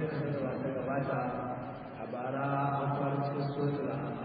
kamar yadda da gabata a bara a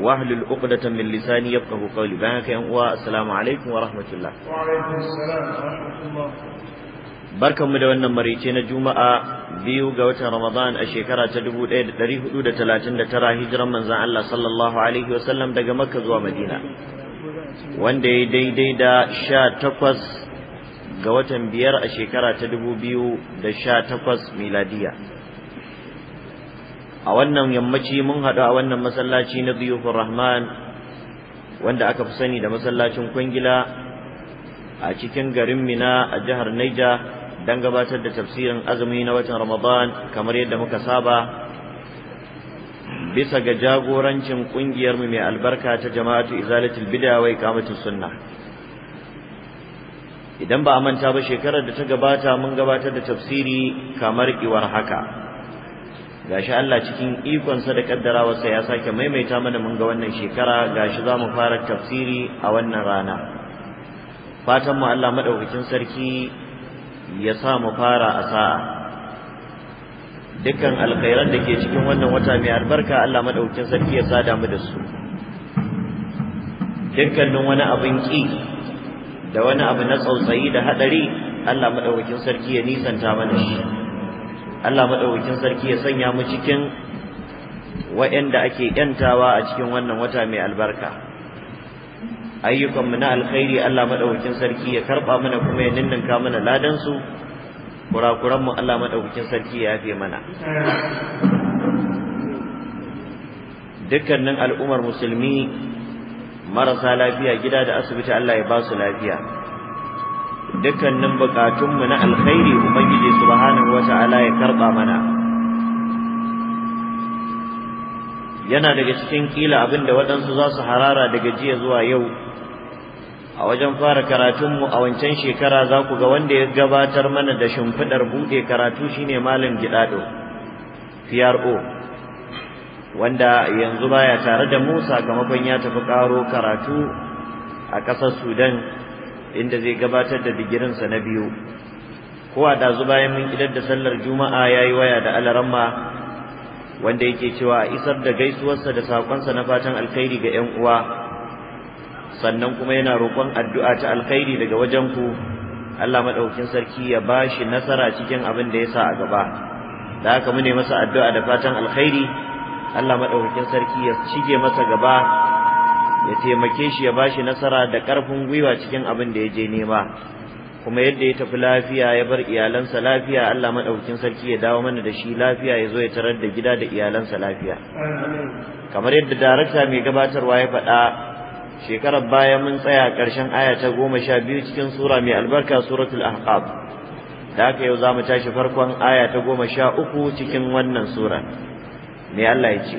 Wahlul العقدة من لساني يفقه قولي بانك يا السلام عليكم ورحمة الله وعليكم السلام barkanmu da wannan marice na juma'a biyu ga watan ramadan a shekara ta tara, hijiran manzon Allah sallallahu alaihi wasallam daga makka zuwa madina wanda ya daidai da sha takwas ga watan biyar a shekara ta dubu biyu da sha takwas miladiya a wannan yammaci mun haɗu a wannan masallaci na Diyufur Rahman wanda aka fi sani da masallacin Kwangila a cikin garin Mina a jihar Naija don gabatar da tafsirin azumi na watan Ramadan kamar yadda muka saba bisa ga jagorancin ƙungiyarmu mai albarka ta jama'atu izalatul bid'a wa sunna idan ba a manta ba shekarar da ta gabata mun gabatar da tafsiri kamar iwar haka gashi Allah cikin ikonsa da kaddarawarsa ya sake maimaita mana mun ga wannan shekara gashi za mu fara tafsiri a wannan rana fatan mu Allah madaukakin sarki ya sa mu fara a sa'a dukkan alkhairan da ke cikin wannan wata mai albarka Allah madaukakin sarki ya sada mu da su dukkanin wani abin ki da wani abu na tsautsayi da hadari Allah madaukakin sarki ya nisanta mana shi Allah madaukakin sarki ya sanya mu cikin wa'anda ake yantawa a cikin wannan wata mai albarka Ayyukanmu na alkhairi Allah madaukakin sarki ya karba mana kuma ya ninninka mana ladan su kurakuran mu Allah madaukakin sarki ya yafe mana dukkanin al'ummar musulmi marasa lafiya gida da asibiti Allah ya ba su lafiya dukkanin bukatunmu na alkhairi ubangiji subhanahu wata'ala ya karba mana yana daga cikin kila abin da waɗansu za su harara daga jiya zuwa yau a wajen fara karatunmu a wancan shekara za ku ga wanda ya gabatar mana da shimfiɗar buɗe karatu shine malam gidaɗo PRO wanda yanzu baya tare da mu sakamakon ya tafi ƙaro karatu a ƙasar Sudan inda zai gabatar da digirinsa na biyu kowa a bayan mun idar da sallar juma'a yayi waya da alaramma wanda yake cewa a isar da gaisuwarsa da sakonsa na fatan alkhairi ga yan uwa sannan kuma yana roƙon addu'a ta alkhairi daga wajen ku Allah Maɗaukin sarki ya bashi nasara cikin abin da ya sa a gaba da haka mune masa addu'a da fatan alkhairi Allah Maɗaukin sarki ya cige masa gaba ya taimake shi ya bashi nasara da ƙarfin gwiwa cikin abin da ya je nema kuma yadda ya tafi lafiya ya bar iyalansa lafiya Allah madaukakin sarki ya dawo mana da shi lafiya ya zo ya tarar da gida da iyalansa lafiya kamar yadda darakta mai gabatarwa ya faɗa shekarar baya mun tsaya ƙarshen aya ta goma sha biyu cikin sura mai albarka suratul ahqab da haka yau za mu tashi farkon aya ta goma sha uku cikin wannan sura me Allah ya ce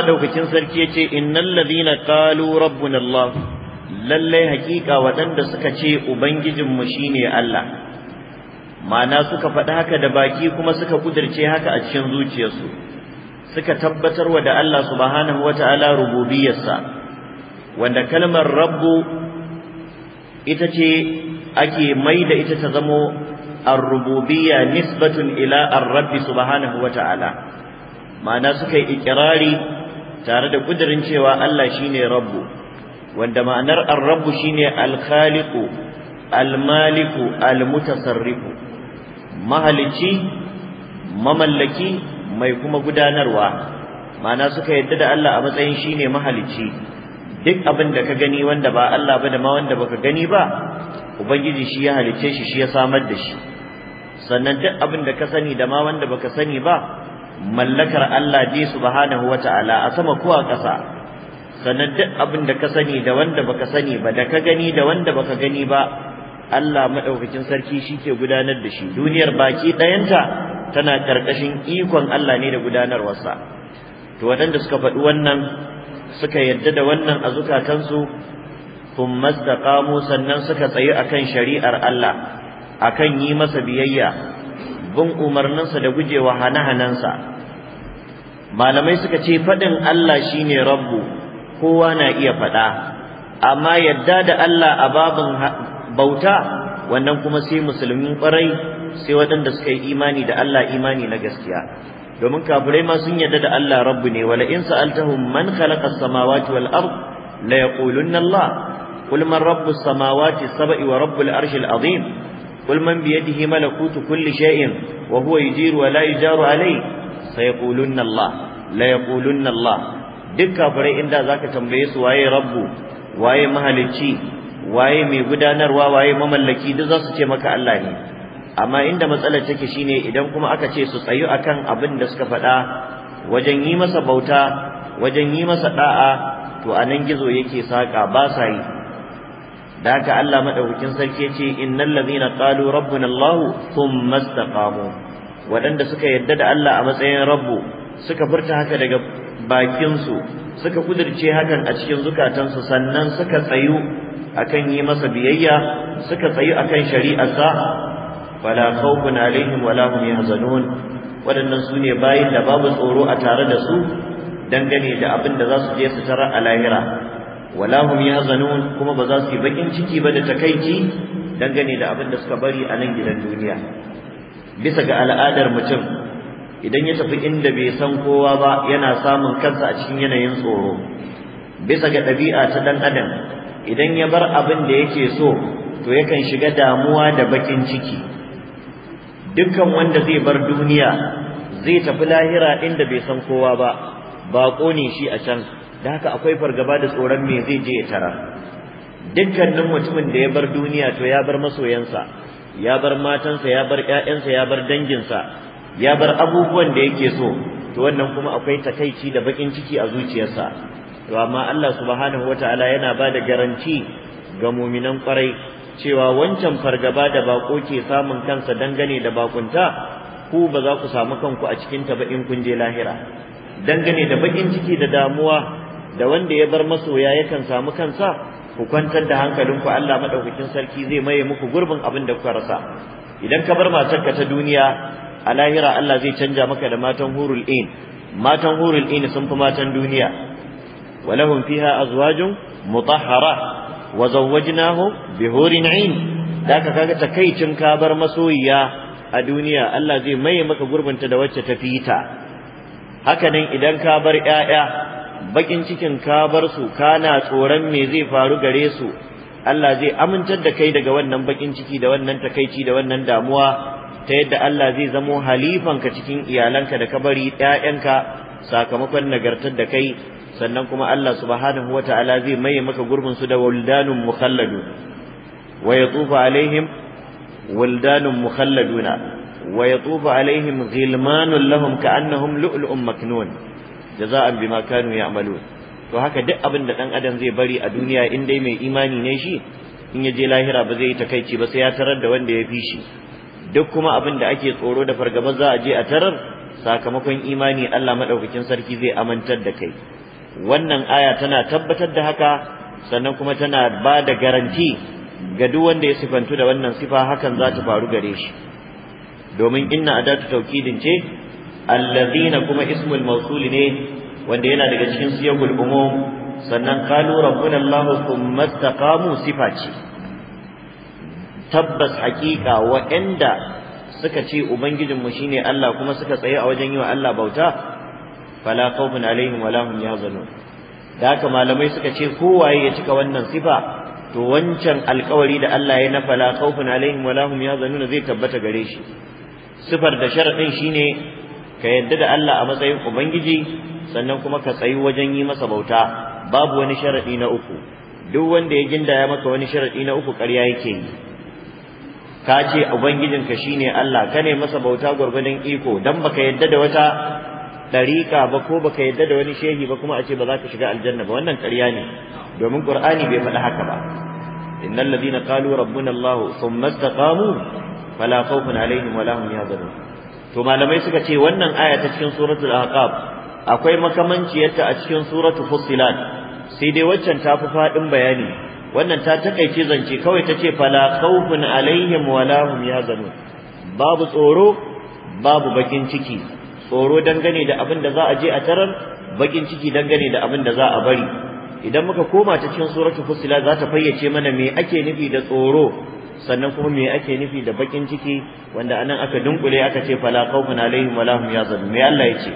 madaukakin sarki yace innal ladhina qalu rabbuna Allah lallai hakika waɗanda suka ce ubangijinmu shine Allah ma'ana suka faɗi haka da baki kuma suka kudirce haka a cikin zuciyarsu suka tabbatarwa da Allah subhanahu wata'ala rububiyarsa wanda kalmar rabbu ita ce ake mai da ita ta zamo ar-rububiyya nisbatun ila ar-rabbi subhanahu wata'ala ma'ana suka yi ikirari tare da kudirin cewa Allah shi ne rabu wanda ma'anar an rabbu shine al alkhaliku al-maliku mahalici mamallaki mai kuma gudanarwa ma'ana suka yadda da Allah a matsayin shi ne mahalici duk abin da ka gani wanda ba Allah ba da ma wanda baka gani ba ubangiji shi ya halice shi shi ya samar da shi sannan duk abin da ka sani da ma wanda baka sani ba mallakar Allah ji subhanahu ta'ala, a sama ko a ƙasa sannan duk abin da ka sani da wanda baka sani ba da ka gani da wanda baka gani ba Allah maɗaukakin sarki shi ke gudanar da shi duniyar baki ɗayanta tana ƙarƙashin ikon Allah ne da gudanarwarsa to waɗanda suka faɗi wannan suka yarda da wannan a zukatansu thumma istaqamu sannan suka tsayi akan shari'ar Allah akan yi masa biyayya bin umarninsa da gujewa hane-hanensa malamai suka ce faɗin Allah shine rabbu kowa na iya faɗa amma yadda da Allah a babin bauta wannan kuma sai musulmin ƙwarai sai waɗanda suka yi imani da Allah imani na gaskiya domin kafirai ma sun yadda da Allah rabbu ne wala in sa'altahum man khalaqa as-samawati wal ard la yaqulunna Allah qul man rabbus samawati sab'i wa rabbul arshil azim قل من بيده ملكوت كل شيء وهو يجير ولا يجار عليه سيقولون الله لا يقولون الله duk kafirai inda zaka tambaye su waye rabbu waye mahalicci waye mai gudanarwa waye mamallaki duk zasu ce maka Allah ne amma inda matsalar take shine idan kuma aka ce su tsayu akan abin da suka faɗa wajen yi masa bauta wajen yi masa ɗa'a, to a nan gizo yake saƙa ba sa yi da haka Allah maɗaukin sarki yace innal ladhina qalu rabbuna Allah thumma istaqamu wadanda suka yadda da Allah a matsayin rabbu suka furta haka daga bakin su suka kudirce hakan a cikin zukatansu sannan suka tsayu akan yi masa biyayya suka tsayu akan shari'arsa fala khawfun alaihim wala hum yahzanun wadannan su ne bayin da babu tsoro a tare da su dangane da abin da za su je su tarar a lahira wala hum yahzanun kuma ba za su yi bakin ciki ba da takaici dangane da abin da suka bari a nan gidan duniya bisa ga al'adar mutum idan ya tafi inda bai san kowa ba yana samun kansa a cikin yanayin tsoro bisa ga ɗabi'a ta ɗan adam idan ya bar abin da yake so to yakan shiga damuwa da bakin ciki dukkan wanda zai bar duniya zai tafi lahira inda bai san kowa ba baƙo ne shi a can da haka akwai fargaba da tsoron me zai je ya tara dukkanin mutumin da ya bar duniya to ya bar masoyansa ya bar matansa ya bar ƴaƴansa ya bar danginsa ya bar abubuwan da yake so to wannan kuma akwai takaici da bakin ciki a zuciyarsa to amma Allah subhanahu wataala yana ba da garanti ga muminan kwarai cewa wancan fargaba da bako ke samun kansa dangane da bakunta ku ba za ku samu kanku a cikin ta ba in kun je lahira dangane da bakin ciki da damuwa da wanda ya bar masoya yakan samu kansa ku kwantar da hankalinku Allah madaukakin sarki zai maye muku gurbin abin da kuka rasa idan ka bar matarka ta duniya a lahira Allah zai canja maka da matan hurul in matan hurul in sun fi matan duniya walahum fiha azwajun mutahhara wa zawwajnahum bihurin in da ka kaga takaicin ka bar masoyiya a duniya Allah zai maye maka gurbinta da wacce ta fita haka nan idan ka bar 'ya'ya bakin cikin ka bar su kana tsoron me zai faru gare su Allah zai amintar da kai daga wannan bakin ciki da wannan takaici da wannan damuwa ta yadda Allah zai zamo halifanka cikin iyalanka da kabari ƴaƴanka sakamakon nagartar da kai sannan kuma Allah subhanahu Ta'ala zai maye maka gurbin su da waldanun mukhalladu wa yatufu alaihim waldanun mukhalladuna wa yatufu alaihim ghilmanun lahum ka'annahum lu'lu'un maknun jaza'an bima kanu ya'malun to haka duk abin da dan adam zai bari a duniya in dai mai imani ne shi in ya je lahira ba zai yi takaici ba sai ya tarar da wanda ya fi shi duk kuma abin da ake tsoro da fargaba za a je a tarar sakamakon imani Allah madaukakin sarki zai amantar da kai wannan aya tana tabbatar da haka sannan kuma tana ba da garanti ga duk wanda ya sifantu da wannan sifa hakan za ta faru gare shi domin inna adatu tawkidin ce allazina kuma ismul mawsul ne wanda yana daga cikin siyagul umum sannan qalu rabbuna allah thumma istaqamu sifa ce tabbas haqiqa wa'anda suka ce ubangijinmu shine Allah kuma suka tsaye a wajen yi Allah bauta fala khawfun alaihim wala hum yahzanun da haka malamai suka ce kowaye ya cika wannan sifa to wancan alkawari da Allah ya na fala khawfun alaihim wala hum yahzanun zai tabbata gare shi sifar da sharadin shine ka yadda da Allah a matsayin ubangiji sannan kuma ka tsayi wajen yi masa bauta babu wani sharadi na uku duk wanda ya gindaya maka wani sharaɗi na uku ƙarya yake yi ka ce ubangijinka ne Allah ka ne masa bauta gwargwadon iko dan baka yadda da wata ɗariƙa ba ko baka yadda da wani shehi ba kuma a ce ba za ka shiga aljanna ba wannan ƙarya ne domin ƙur'ani bai faɗi haka ba innal ladina qalu rabbuna allah thumma istaqamu fala khawfun alaihim wala hum yahzanun to malamai suka ce wannan aya ta cikin suratul ahqaf akwai makamanciyarta a cikin suratul fussilat sai dai waccan tafi fi fadin bayani wannan ta takaice zance kawai ta ce fala khawfun alaihim wala hum yazanun babu tsoro babu bakin ciki tsoro dangane da abin da za a je a tarar bakin ciki dangane da abin da za a bari idan muka koma ta cikin suratul fussilat za ta fayyace mana me ake nufi da tsoro sannan kuma me ake nufi da bakin ciki wanda anan aka dunkule aka ce fala khawfun alaihim wala hum yahzanun me Allah ya ce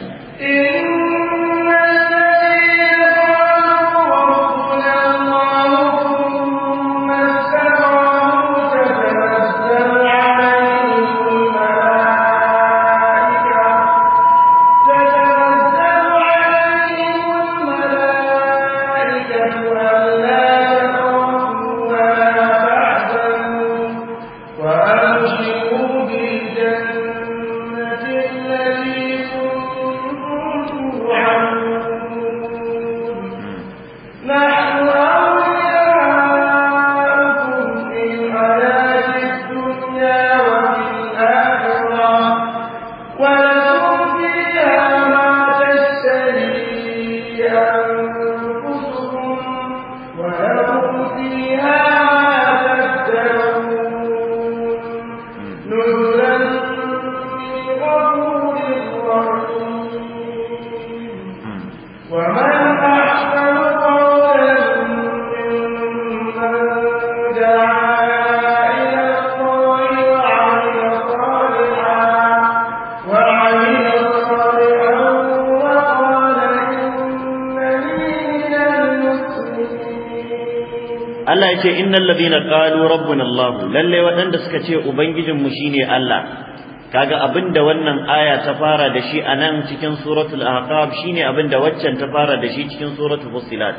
innal ladina qalu rabbuna Allah lalle waɗanda suka ce ubangijin mu shine Allah kaga abinda wannan aya ta fara da shi anan cikin suratul ahqab shine abinda waccan ta fara da shi cikin suratul fussilat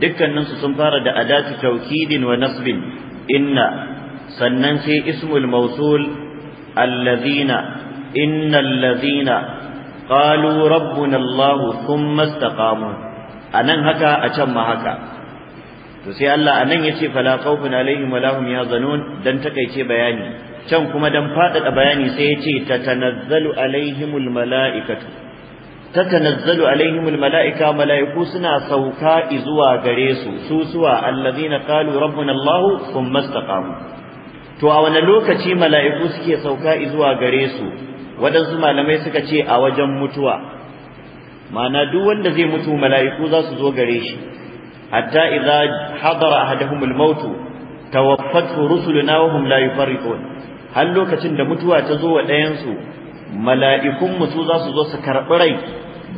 dukkanin su sun fara da adatu tawkidin wa nasbin inna sannan sai ismul mawsul alladhina innal ladhina qalu rabbuna Allah thumma istaqamu anan haka a can ma haka to sai Allah anan yace fala khawfun alaihim wala hum yazanun dan takeice bayani can kuma dan fadada bayani sai yace tatanazzalu alaihimul malaikatu tatanazzalu alaihimul malaika malaiku suna sauka zuwa gare su su suwa allazina qalu rabbuna allah thumma istaqamu to a wane lokaci malaiku suke sauka zuwa gare su wadansu malamai suka ce a wajen mutuwa ma'ana duk wanda zai mutu malaiku za su zo gare shi hatta idza hadara ahaduhumul maut tawaffathu rusuluna wa hum la yufarriqun har lokacin da mutuwa ta zo wa ɗayan su mala'ikun mu su za zo su karɓi rai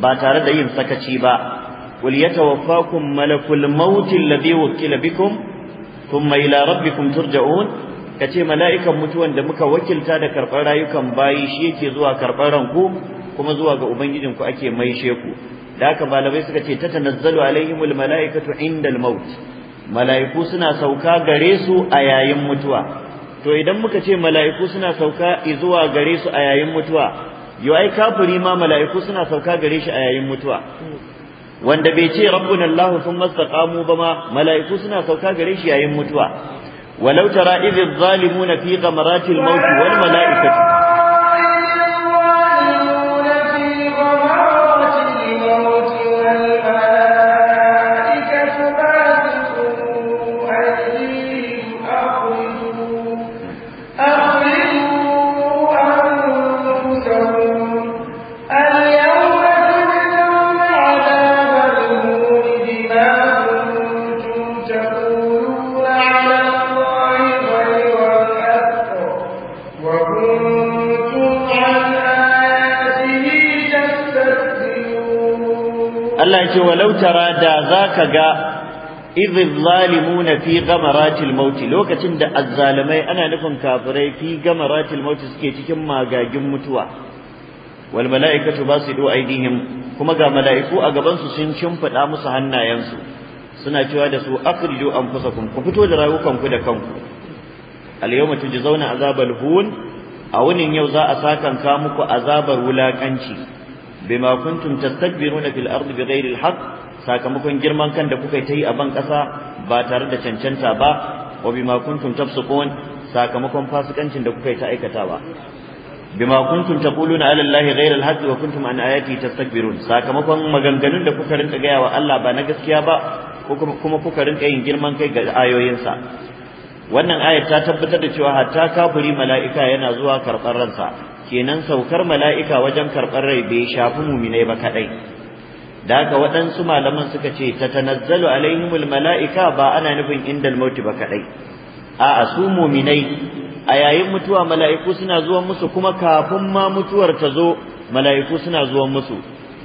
ba tare da yin sakaci ba qul yatawaffakum malakul maut alladhi wukila bikum thumma ila rabbikum turja'un kace mala'ikan mutuwan da muka wakilta da karɓar rayukan bayi shi yake zuwa karɓar kuma zuwa ga ubangijinku ake maishe ku da haka malamai suka ce ta tanazzalu alaihimul malaikatu indal maut malaiku suna sauka gare su a yayin mutuwa to idan muka ce malaiku suna sauka zuwa gare su a yayin mutuwa yo ai kafiri ma malaiku suna sauka gare shi a yayin mutuwa wanda bai ce rabbuna allah thumma istaqamu ba ma malaiku suna sauka gare shi yayin mutuwa walau tara idh zalimuna fi ghamaratil maut wal malaikatu ce walau tara da zaka ga idh zalimuna fi ghamaratil maut lokacin da azzalimai ana nufin kafirai fi ghamaratil maut suke cikin magagin mutuwa wal malaikatu basidu aidihim kuma ga malaiku a gaban su sun shimfida musu hannayensu suna cewa da su akhriju anfusakum ku fito da ku da kanku al yawma tujzauna azabal hun a wunin yau za a sakanka muku azabar wulakanci bima kuntum tastakbiruna fil ardi bighairi sakamakon girman kan da kuka yi a ban kasa ba tare da cancanta ba wa bima kuntum tafsukun sakamakon fasikancin da kuka yi ta aikatawa bima kuntum taquluna ala allahi ghayra wa kuntum an ayati tastakbirun sakamakon maganganun da kuka rinka gaya wa Allah ba na gaskiya ba kuma kuka rinka yin girman kai ga ayoyinsa wannan ayar ta tabbatar da cewa hatta kafiri mala'ika yana zuwa karɓar ransa kenan saukar mala'ika wajen karɓar rai bai shafi muminai ba kaɗai da haka waɗansu malaman suka ce ta tanazzalu alaihimul mala'ika ba ana nufin indal mauti ba kaɗai a'a su muminai a yayin mutuwa mala'iku suna zuwa musu kuma kafin ma mutuwar ta zo mala'iku suna zuwa musu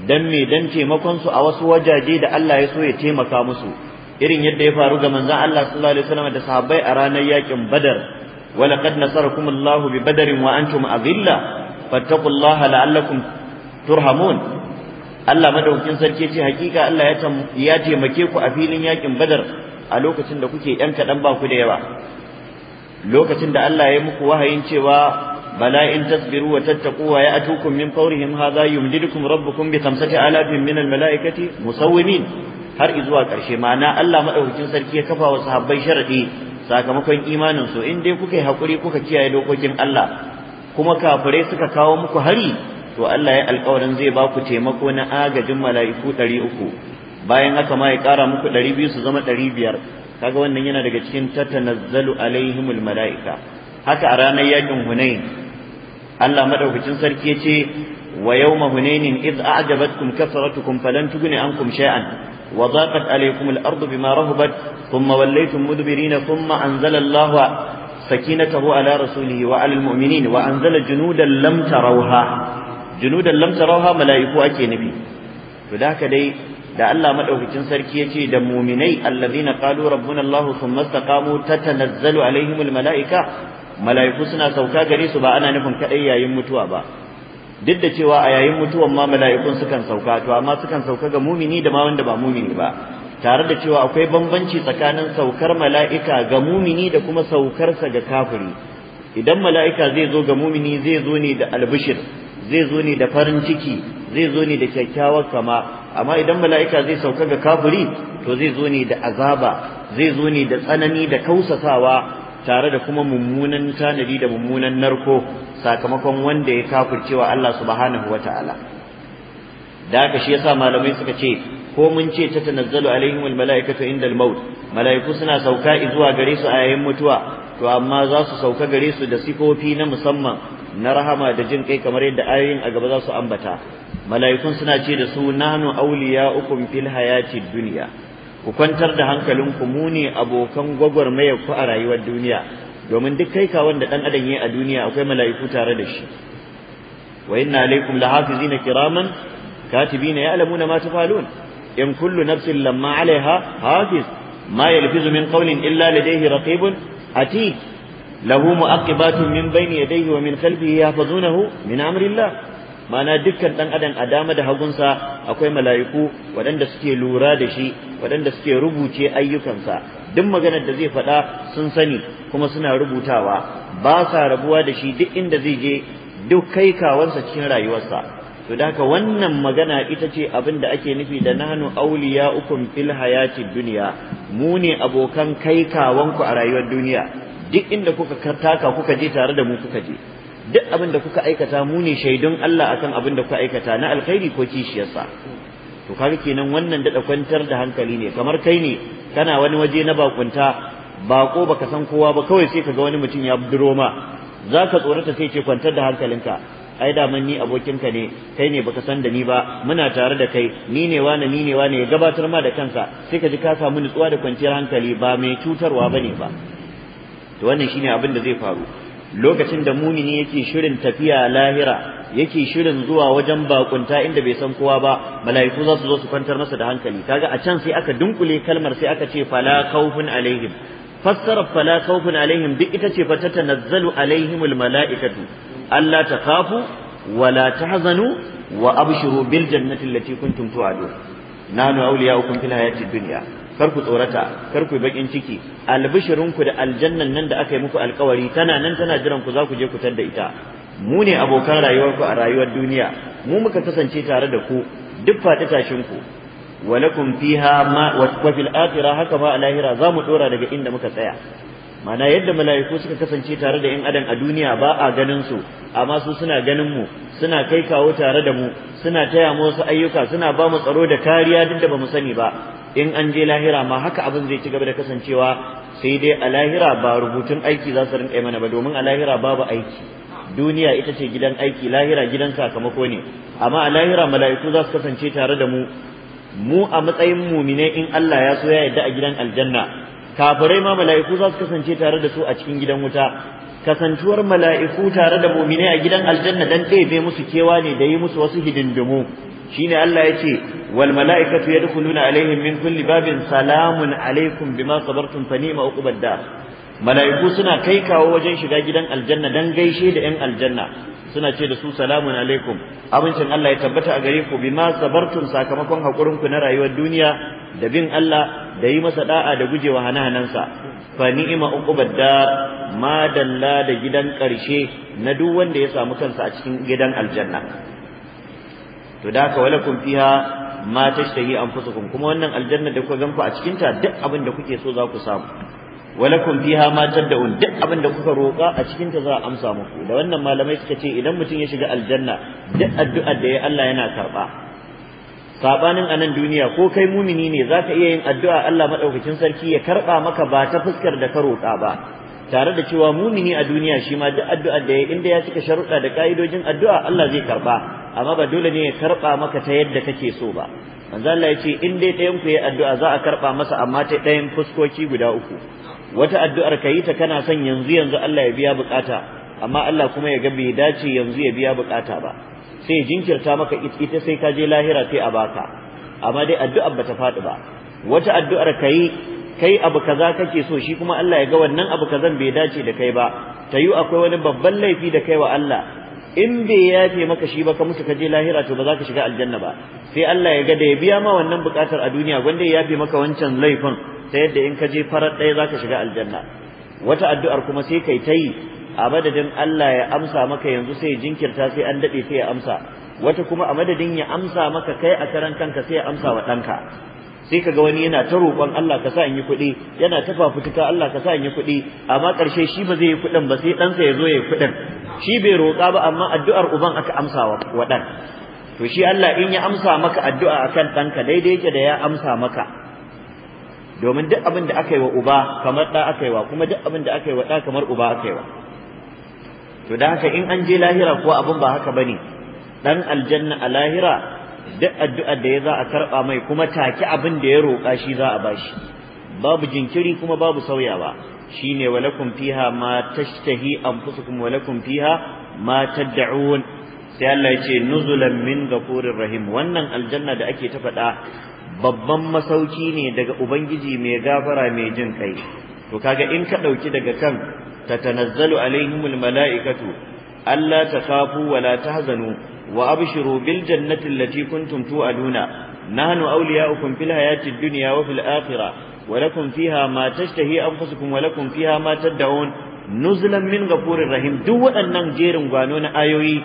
dan me dan taimakon su a wasu wajaje da Allah ya so ya taimaka musu irin yadda ya faru ga manzon Allah sallallahu alaihi wasallam da sahabbai a ranar yakin Badar wa laqad Allahu bi Badarin wa antum azilla fattaqullaha la'allakum turhamun Allah Madaukin sarki ce hakika Allah ya taimake ku a filin yakin Badar a lokacin da kuke yan kadan ba ku da yawa lokacin da Allah ya muku wahayin cewa bala'in in tasbiru wa tattaqu wa ya'tukum min fawrihim hadha yumdidukum rabbukum bi khamsati alafin min al-mala'ikati musawwimin har zuwa ƙarshe ma'ana Allah madaukakin sarki ya kafa wa sahabbai sharadi sakamakon imanin su in dai kuka yi hakuri kuka kiyaye dokokin Allah kuma kafirai suka kawo muku hari to Allah ya alƙawarin zai ba ku taimako na agajin mala'iku ɗari uku, bayan haka ma ya ƙara muku ɗari biyu su zama ɗari biyar, kaga wannan yana daga cikin tatanazzalu alaihimul mala'ika haka a ranar yakin Hunain Allah Maɗaukacin sarki ya ce ويوم هنين إذ أعجبتكم كثرتكم فلن تغن عنكم شيئا وضاقت عليكم الأرض بما رهبت ثم وليتم مدبرين ثم أنزل الله سكينته على رسوله وعلى المؤمنين وأنزل جنودا لم تروها جنودا لم تروها ملائكة أكي نبي فذاك دي دا الله ملعو في تنسر كيتي دا مؤمني الذين قالوا ربنا الله ثم استقاموا تتنزل عليهم الملائكة ملائكة سنا سوكا قريسوا بأنا نفن كأي يمتوا بأنا duk da cewa a yayin mutuwan ma mala'ikun sukan sauka to amma sukan sauka ga mumini da ma wanda ba mumini ba tare da cewa akwai bambanci tsakanin saukar mala'ika ga mumini da kuma saukarsa ga kafiri idan mala'ika zai zo ga mumini zai zo ne da albishir zai zo ne da farin ciki zai zo ne da kyakkyawar kama amma idan mala'ika zai sauka ga kafiri to zai zo ne da azaba zai zo ne da tsanani da kausasawa tare da kuma mummunan tanadi da mummunan narko sakamakon wanda ya kafircewa Allah subhanahu Ta'ala. da haka shi yasa malamai suka ce ko mun ce ta tanazzalu alaihim almalaikatu inda almaut malaiku suna sauka zuwa gare su a yayin mutuwa to amma za su sauka gare su da sifofi na musamman na rahama da jin kai kamar yadda ayoyin a gaba za su ambata malaikun suna ce da su awliya ukum fil hayati dunya ku kwantar da hankalinku mu ne abokan gwagwarmayar ku a rayuwar duniya domin duk kai kawon da dan adam yayi a duniya akwai mala'iku tare da shi wa inna alaikum lahafizina kiraman katibina ya'lamuna ma tafalun in kullu nafsin lamma 'alayha hafiz ma yalfizu min qawlin illa ladayhi raqibun atid له مؤقبات من بين يديه ومن خلفه يحفظونه من امر الله mana dukkan dan adam a dama da hagunsa akwai mala'iku waɗanda suke lura da shi waɗanda suke rubuce ayyukansa duk maganar da zai faɗa sun sani kuma suna rubutawa ba sa rabuwa da shi duk inda zai je duk kai kawansa cikin rayuwarsa to haka wannan magana ita ce abin da ake nufi da nahnu awliya ukum fil hayati dunya mu ne abokan kai kawanku a rayuwar duniya duk inda kuka taka kuka je tare da mu kuka je duk abin da kuka aikata mu ne shaidun Allah akan abin da kuka aikata na alkhairi ko kishiyarsa to kaga kenan wannan da kwantar da hankali ne kamar kai ne kana wani waje na bakunta bako baka san kowa ba kawai sai kaga wani mutum ya buduro ma zaka tsorata sai ce kwantar da hankalinka ai da ni abokinka ne kai ne baka san da ni ba muna tare da kai ni ne wani ni ne wani ya gabatar ma da kansa sai ka ji ka samu nutsuwa da kwanciyar hankali ba mai cutarwa bane ba to wannan shine abin da zai faru lokacin da mumini yake shirin tafiya lahira yake shirin zuwa wajen bakunta inda bai san kowa ba mala'iku za su zo su kwantar masa da hankali kaga a can sai aka dunkule kalmar sai aka ce fala khawfun alaihim fassara fala khawfun alaihim duk ita ce fa ta tanazzalu alaihimul allah ta takhafu wala tahzanu wa abshiru bil jannati allati kuntum tu'adun nanu awliya'ukum fil hayatid dunya kar ku tsorata kar ku bakin ciki albishirinku da aljannan nan da aka yi muku alkawari tana nan tana jiran ku za ku je ku tar da ita mu ne abokan rayuwar ku a rayuwar duniya mu muka kasance tare da ku duk faɗi tashin ku walakum fiha ma wa fil akhirah haka ma a lahira za mu dora daga inda muka tsaya mana yadda mala'iku suka kasance tare da yan adam a duniya ba a ganin su amma su suna ganin mu suna kai kawo tare da mu suna taya mu wasu ayyuka suna ba mu tsaro da kariya duk da ba mu sani ba in an je lahira ma haka abin zai ci gaba da kasancewa sai dai a lahira ba rubutun aiki za su rinƙa mana ba domin a lahira babu aiki duniya ita ce gidan aiki lahira gidan sakamako ne amma a lahira mala'iku za su kasance tare da mu mu a matsayin mumine in Allah ya so ya yarda a gidan aljanna kafirai ma mala'iku za su kasance tare da su a cikin gidan wuta kasantuwar mala'iku tare da mumine a gidan aljanna dan ɗebe musu kewa ne da yi musu wasu hidindimu shine Allah yake wal malaikatu yadkhuluna alaihim min kulli babin salamun alaikum bima sabartum fani ma uqbad malaiku suna kai kawo wajen shiga gidan aljanna dan gaishe da yan aljanna suna ce da su salamun alaikum abincin Allah ya tabbata a gare ku bima sabartum sakamakon hakurin ku na rayuwar duniya da bin Allah da yi masa da'a da gujewa hanahanansa fa ni'ma uqbad dar ma dalla da gidan karshe na duk wanda ya samu kansa a cikin gidan aljanna to da haka walakum fiha ma tashtahi anfusukum kuma wannan aljanna da kuka ganku a cikin ta duk abin da kuke so za ku samu walakum fiha ma tad'un duk abin da kuka roƙa a cikin ta za a amsa muku da wannan malamai suka ce idan mutum ya shiga aljanna duk addu'ar da ya Allah yana karba sabanin anan duniya ko kai mumini ne zaka iya yin addu'a Allah madaukakin sarki ya karba maka ba ta fuskar da ka roƙa ba tare da cewa munihi a duniya shi ma duk addu'ar da ya inda ya cika sharuɗa da ka'idojin addu'a Allah zai karɓa amma ba dole ne ya karba maka ta yadda kake so ba manzo Allah ya ce in dai ɗayan ku yayi addu'a za a karɓa masa amma ta ɗayan fuskoki guda uku wata addu'ar ka ta kana son yanzu yanzu Allah ya biya bukata amma Allah kuma ya ga bai dace yanzu ya biya bukata ba sai ya jinkirta maka ita sai ka je lahira sai a baka amma dai addu'ar ba ta faɗi ba wata addu'ar ka kai abu kaza kake so shi kuma Allah ya ga wannan abu kazan bai dace da kai ba tayu akwai wani babban laifi da kai wa Allah in bai yafe maka shi ba ka mutu ka je lahira to ba za ka shiga aljanna ba sai Allah ya ga da ya biya ma wannan bukatar a duniya gwanda ya yafe maka wancan laifin ta yadda in ka je farar ɗaya za ka shiga aljanna wata addu'ar kuma sai kai ta yi a madadin Allah ya amsa maka yanzu sai jinkirta sai an daɗe sai ya amsa wata kuma a madadin ya amsa maka kai a karan kanka sai ya amsa wa ɗanka sai kaga wani yana ta roƙon Allah ka sa in yi kuɗi yana ta fafutuka Allah ka sa in yi kuɗi amma ƙarshe shi ba zai yi kuɗin ba sai ɗansa ya zo ya yi kuɗin shi bai roƙa ba amma addu'ar uban aka amsa wa ɗan to shi Allah in ya amsa maka addu'a akan ɗanka daidai yake da ya amsa maka domin duk abin da aka yi wa uba kamar ɗa aka yi wa kuma duk abin da aka yi wa ɗa kamar uba aka yi wa to da haka in an je lahira ko abin ba haka bane dan aljanna a lahira duk addu'ar da ya za a karɓa mai kuma take abin da ya roƙa shi za a bashi babu jinkiri kuma babu sauyawa shine walakum fiha ma tashtahi anfusukum walakum fiha ma tad'un sai Allah ya ce nuzulan min ghafurir rahim wannan aljanna da ake ta faɗa babban masauki ne daga ubangiji mai gafara mai jin kai to kaga in ka ɗauki daga kan tatanazzalu alaihimul mala'ikatu alla takhafu wala la tahzanu wa abshiru bil jannati allati kuntum tu'aduna nahnu awliya'ukum fil hayati dunya wa fil akhirah wa lakum fiha ma tashtahi anfusukum wa lakum fiha ma tad'un nuzulan min ghafurir rahim duk waɗannan jerin gwano na ayoyi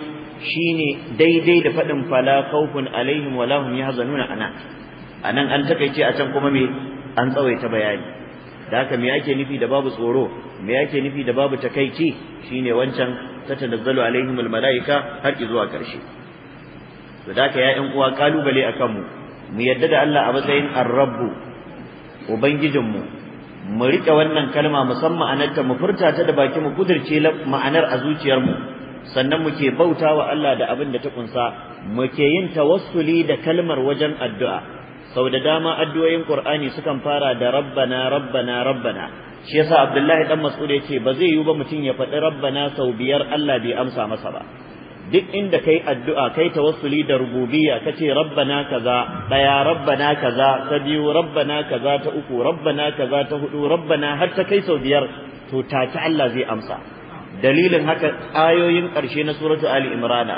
shine daidai da faɗin fala khawfun alaihim wa lahum yahzanuna ana anan an takaice a can kuma me an tsawaita bayani da haka me ake nufi da babu tsoro me ake nufi da babu takaici shine wancan tatanazzalu alaihimul malaika har zuwa karshe to da ka ya uwa kalubale a kanmu mu yadda da Allah a matsayin ar-rabbu ubangijinmu mu riƙe wannan kalma musamman anarta mu furta ta da baki mu kudirce ma'anar a zuciyarmu sannan muke bauta wa Allah da abin da ta kunsa muke yin tawassuli da kalmar wajen addu'a sau da dama addu'o'in Qur'ani sukan fara da rabbana rabbana rabbana shi yasa Abdullahi dan Mas'ud ce ba zai yiwu ba mutum ya faɗi rabbana sau biyar Allah bai amsa masa ba duk inda kai addu'a kai tawassuli da rububiyya kace rabbana kaza daya rabbana kaza ta biyu rabbana kaza ta uku rabbana kaza ta hudu rabbana har ta kai sau biyar to take Allah zai amsa dalilin haka ayoyin ƙarshe na suratu ali imrana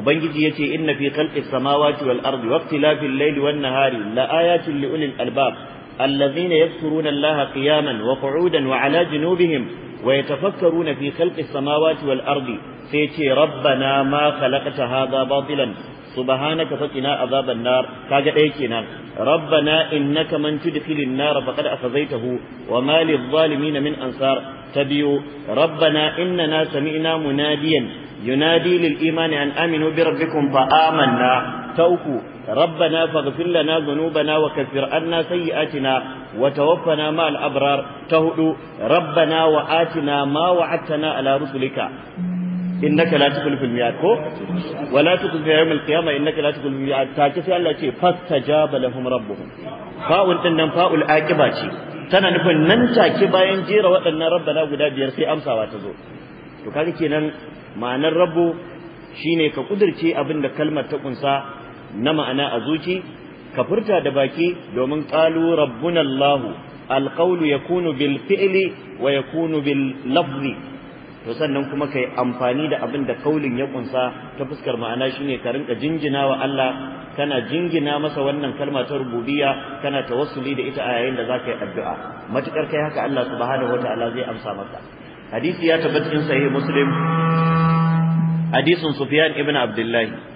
ubangiji yace inna fi khalqis samawati wal ardi waqtilafil layli wan nahari la ayatin li ulil albab الذين يذكرون الله قياما وقعودا وعلى جنوبهم ويتفكرون في خلق السماوات والأرض سيتي ربنا ما خلقت هذا باطلا سبحانك فقنا عذاب النار كاجا ايكينا ربنا انك من تدخل النار فقد اخذيته وما للظالمين من انصار تبيو ربنا اننا سمعنا مناديا ينادي للايمان ان امنوا بربكم فامنا توكو ربنا فاغفر لنا ذنوبنا وكفر عنا سيئاتنا وتوفنا مع الابرار تهدو ربنا واتنا ما وعدتنا على رسلك انك لا تخلف الميعاد ولا تخلف يوم القيامه انك لا تخلف الميعاد تاكس الله شيء فاستجاب لهم ربهم فاول تنم فاول آكبة tana nufin nan take bayan jera waɗannan ربنا guda biyar sai amsawa ta zo to kaga kenan ma'anar rabbu shine ka kudirce abin kalmar ta kunsa na ma'ana a zuci ka furta da baki domin qalu rabbuna Allahu alqawlu yakunu bil fi'li wa yakunu bil lafzi to sannan kuma kai amfani da abin da kaulin ya kunsa ta fuskar ma'ana shine ka rinka jingina wa Allah kana jingina masa wannan kalma ta rububiyya kana tawassuli da ita a yayin da zaka yi addu'a matukar kai haka Allah subhanahu wataala zai amsa maka hadisi ya tabbata in sahih muslim hadisin sufyan ibn abdullahi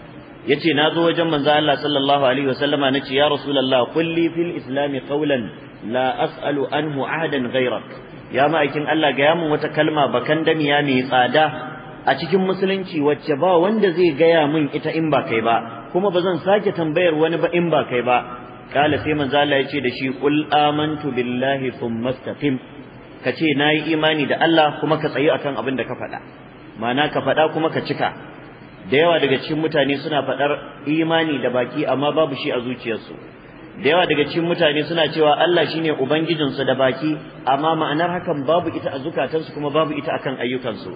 yace na zo wajen manzo Allah sallallahu alaihi wasallama nace ya rasulullah kulli fil islam qawlan la as'alu anhu ahadan ghayrak ya ma'aikin Allah ga mun wata kalma bakan ya mai tsada a cikin musulunci wacce ba wanda zai gaya mun ita in ba kai ba kuma bazan sake tambayar wani ba in ba kai ba kala sai manzo Allah yace da shi qul amantu billahi thumma istaqim kace nayi imani da Allah kuma ka tsayi akan abin da ka faɗa ma'ana ka faɗa kuma ka cika da yawa daga cikin mutane suna faɗar imani da baki amma babu shi a zuciyarsu da yawa daga cikin mutane suna cewa Allah shine ubangijinsu da baki amma ma'anar hakan babu ita a zukatansu kuma babu ita akan ayyukansu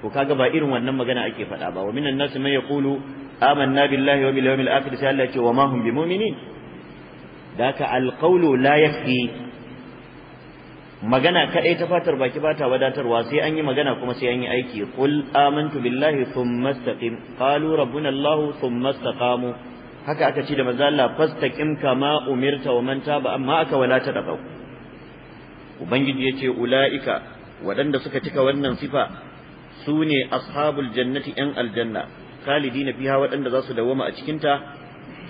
ko kaga ba irin wannan magana ake faɗa ba wa minan nasu mai yaqulu amanna billahi wa bil yawmil akhir sai Allah ce wa ma hum bimu'minin daka alqawlu la yakfi magana kaɗai ta fatar baki ba ta wadatarwa sai an yi magana kuma sai an yi aiki qul amantu billahi thumma istaqim qalu rabbuna allah thumma istaqamu haka aka ce da manzo Allah fastaqim kama umirta wa man taba amma aka walata ta dau ubangiji yace ulaika waɗanda suka cika wannan sifa su ne ashabul jannati yan aljanna khalidina fiha waɗanda za su dawoma a cikinta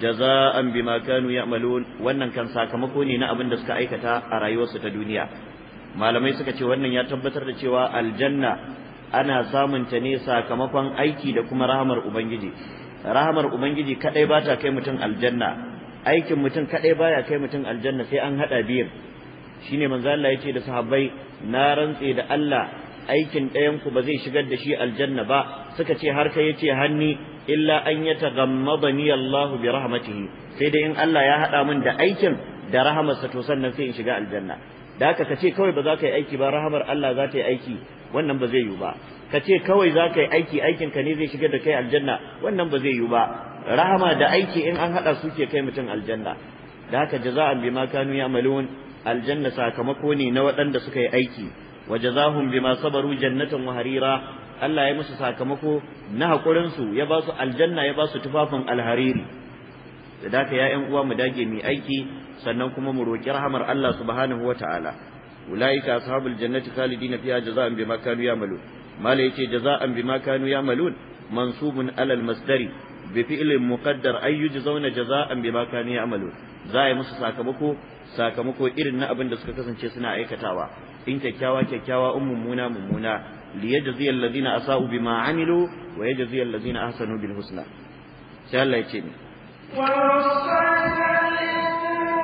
jaza'an bima kanu ya'malun wannan kan sakamako ne na abin da suka aikata a rayuwarsu ta duniya malamai suka ce wannan ya tabbatar da cewa aljanna ana samun ta ne sakamakon aiki da kuma rahamar ubangiji rahamar ubangiji kadai ba ta kai mutum aljanna aikin mutum kadai baya kai mutum aljanna sai an hada biyan shine manzo Allah ce da sahabbai na rantse da Allah aikin ɗayan ku ba zai shigar da shi aljanna ba suka ce har kai yace hanni illa an yataghammadani Allah bi rahmatihi sai dai in Allah ya hada min da aikin da rahamarsa to sannan sai in shiga aljanna da haka ka ce kawai ba za ka yi aiki ba rahamar Allah za ta yi aiki wannan ba zai yiwu ba ka ce kawai za ka yi aiki aikin ka ne zai shigar da kai aljanna wannan ba zai yiwu ba rahama da aiki in an haɗa su ke kai mutum aljanna da haka jaza'an bima kanu ya'malun aljanna sakamako ne na waɗanda suka yi aiki wa jazahum bima sabaru jannatan wa harira Allah ya musu sakamako na haƙurinsu ya ba su aljanna ya ba su tufafin alhariri da daka ya uwa mu dage mai aiki sannan kuma mu roki rahamar Allah subhanahu wataala ulaika ashabul jannati khalidina fiha jazaan bima kanu ya'malun mala yace jazaan bima kanu ya'malun mansubun alal masdari bi fi'lin muqaddar ay yujzauna jazaan bima kanu ya'malun za a yi musu sakamako sakamako irin na abin da suka kasance suna aikatawa in kyakkyawa kyakkyawa in mummuna mummuna liyajzi alladhina asa'u bima amilu wa yajzi alladhina ahsanu bil husna sai Allah ya ce ni wa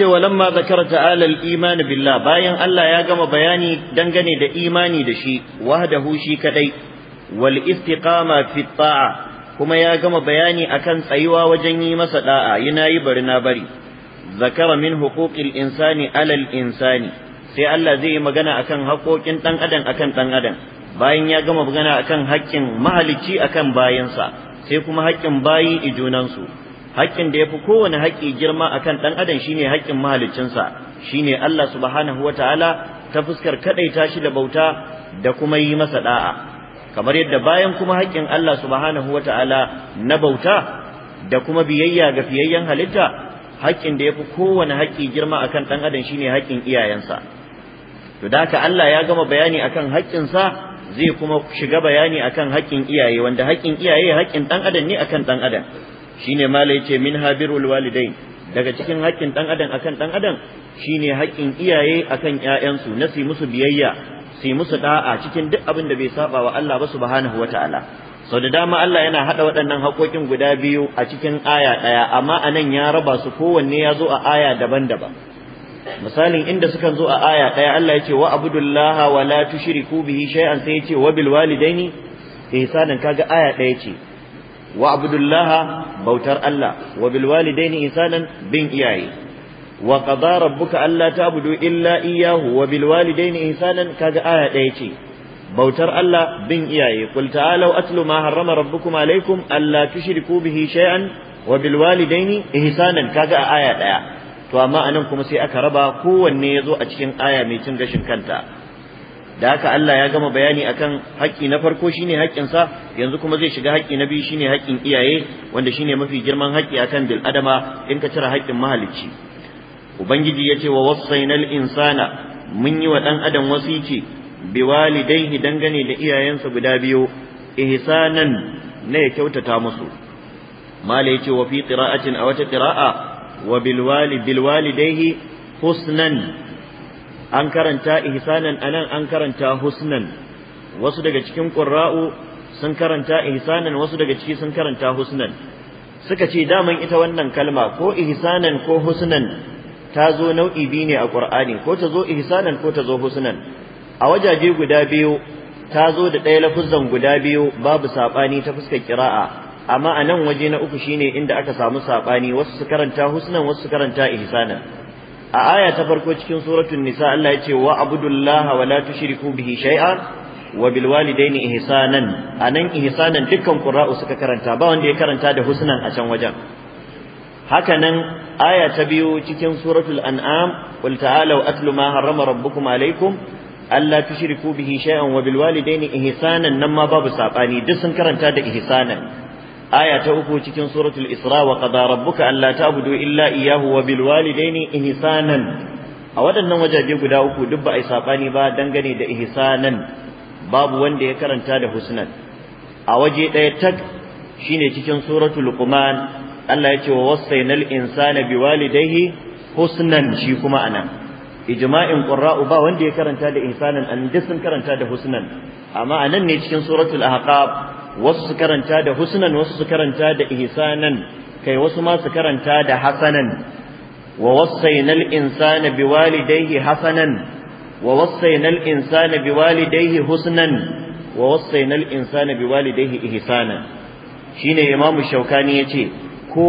ce walamma zakara ta'ala al-iman billah bayan Allah ya gama bayani dangane da imani da shi wahdahu shi kadai wal istiqama fi ta'a kuma ya gama bayani akan tsayuwa wajen yi masa da'a yana yi bari na bari zakara min huquqil insani alal insani sai Allah zai yi magana akan haƙoƙin dan adam akan dan adam bayan ya gama magana akan haƙƙin mahalicci akan bayinsa sai kuma haƙƙin bayi ijunansu haƙƙin da ya fi kowane haƙƙi girma akan ɗan adam shine haƙƙin mahaliccinsa shine Allah subhanahu Ta'ala ta fuskar kaɗaita shi da bauta da kuma yi masa ɗa'a. kamar yadda bayan kuma haƙƙin Allah subhanahu Ta'ala na bauta da kuma biyayya ga fiyayyen halitta haƙƙin da ya fi kowane haƙƙi girma akan ɗan adam shine haƙƙin iyayensa to da haka Allah ya gama bayani akan haƙƙinsa zai kuma shiga bayani akan haƙƙin iyaye wanda haƙƙin iyaye haƙƙin ɗan adam ne akan ɗan adam shine mala yace min habirul walidain daga cikin haƙƙin dan adam akan dan adam shine haƙƙin iyaye akan ƴaƴansu na su musu biyayya su musu da'a cikin duk abin da bai saba wa Allah ba subhanahu wataala sau da dama Allah yana haɗa waɗannan haƙoƙin guda biyu a cikin aya ɗaya amma anan ya raba su kowanne ya zo a aya daban-daban misalin inda sukan zo a aya ɗaya Allah ya ce wa abudullaha wa la tushriku bihi shay'an sai ya ce wa bil walidaini ihsanan kaga aya ɗaya ce wa abdullaha bautar Allah wa bil walidaini bin iyaye wa qada rabbuka alla ta'budu illa iyyahu wa bil walidaini ihsanan kaga aya daya ce bautar Allah bin iyaye qul ta'alu atlu ma harrama rabbukum alaykum alla tushriku bihi shay'an wa bil ihsanan kaga aya daya to amma anan kuma sai aka raba kowanne yazo a cikin aya mai cin gashin kanta da haka Allah ya gama bayani akan haƙƙi na farko shine haƙƙinsa, sa yanzu kuma zai shiga haƙƙi na biyu shine haƙƙin iyaye wanda shine mafi girman haƙƙi akan bil adama in ka cire haƙƙin mahalicci ubangiji ce wa wasainal insana mun yi wa dan adam wasici bi walidaihi dangane da iyayensa guda biyu ihsanan na ya kyautata musu mala yace wa fi qira'atin aw ta qira'a wa bil walidaihi husnan an karanta ihsanan anan an karanta husnan wasu daga cikin qurra'u sun karanta ihsanan wasu daga ciki sun karanta husnan suka ce daman ita wannan kalma ko ihsanan ko husnan ta zo nau'i biyu ne a Ƙur'ani, ko ta zo ihsanan ko ta zo husnan a wajaje guda biyu ta zo da ɗaya lafuzan guda biyu babu saɓani ta fuskar kira'a amma a nan waje na uku shine inda aka samu saɓani wasu su karanta husnan wasu su karanta ihsanan a aya ta farko cikin suratul nisa Allah ya ce wa abudullaha wa la tushriku bihi shay'a wa bil walidaini ihsanan anan ihsanan dukkan qura'u suka karanta ba wanda ya karanta da husnan a can wajen haka nan aya ta biyu cikin suratul an'am qul ta'alu atlu ma harrama rabbukum alaykum alla tushriku bihi shay'an wa bil walidaini ihsanan nan ma babu sabani duk sun karanta da ihsanan aya ta uku cikin suratul isra wa qada rabbuka alla ta'budu illa iyyahu wa bil walidaini ihsanan a waɗannan wajaje guda uku duk ba a yi saɓani ba dangane da ihsanan babu wanda ya karanta da husnan a waje ɗaya tak shine cikin suratul luqman Allah ya ce wa wasainal insana bi walidayhi husnan shi kuma anan ijma'in qurra'u uba wanda ya karanta da ihsanan an duk sun karanta da husnan amma anan ne cikin suratul ahqaf wasu su karanta da husnan wasu su karanta da ihsanan kai wasu ma su karanta da hasanan wa wasaina al-insana biwalidayhi hasanan wa wasaina al-insana biwalidayhi husnan wa wasaina al-insana biwalidayhi ihsanan shine imamu shaukani yace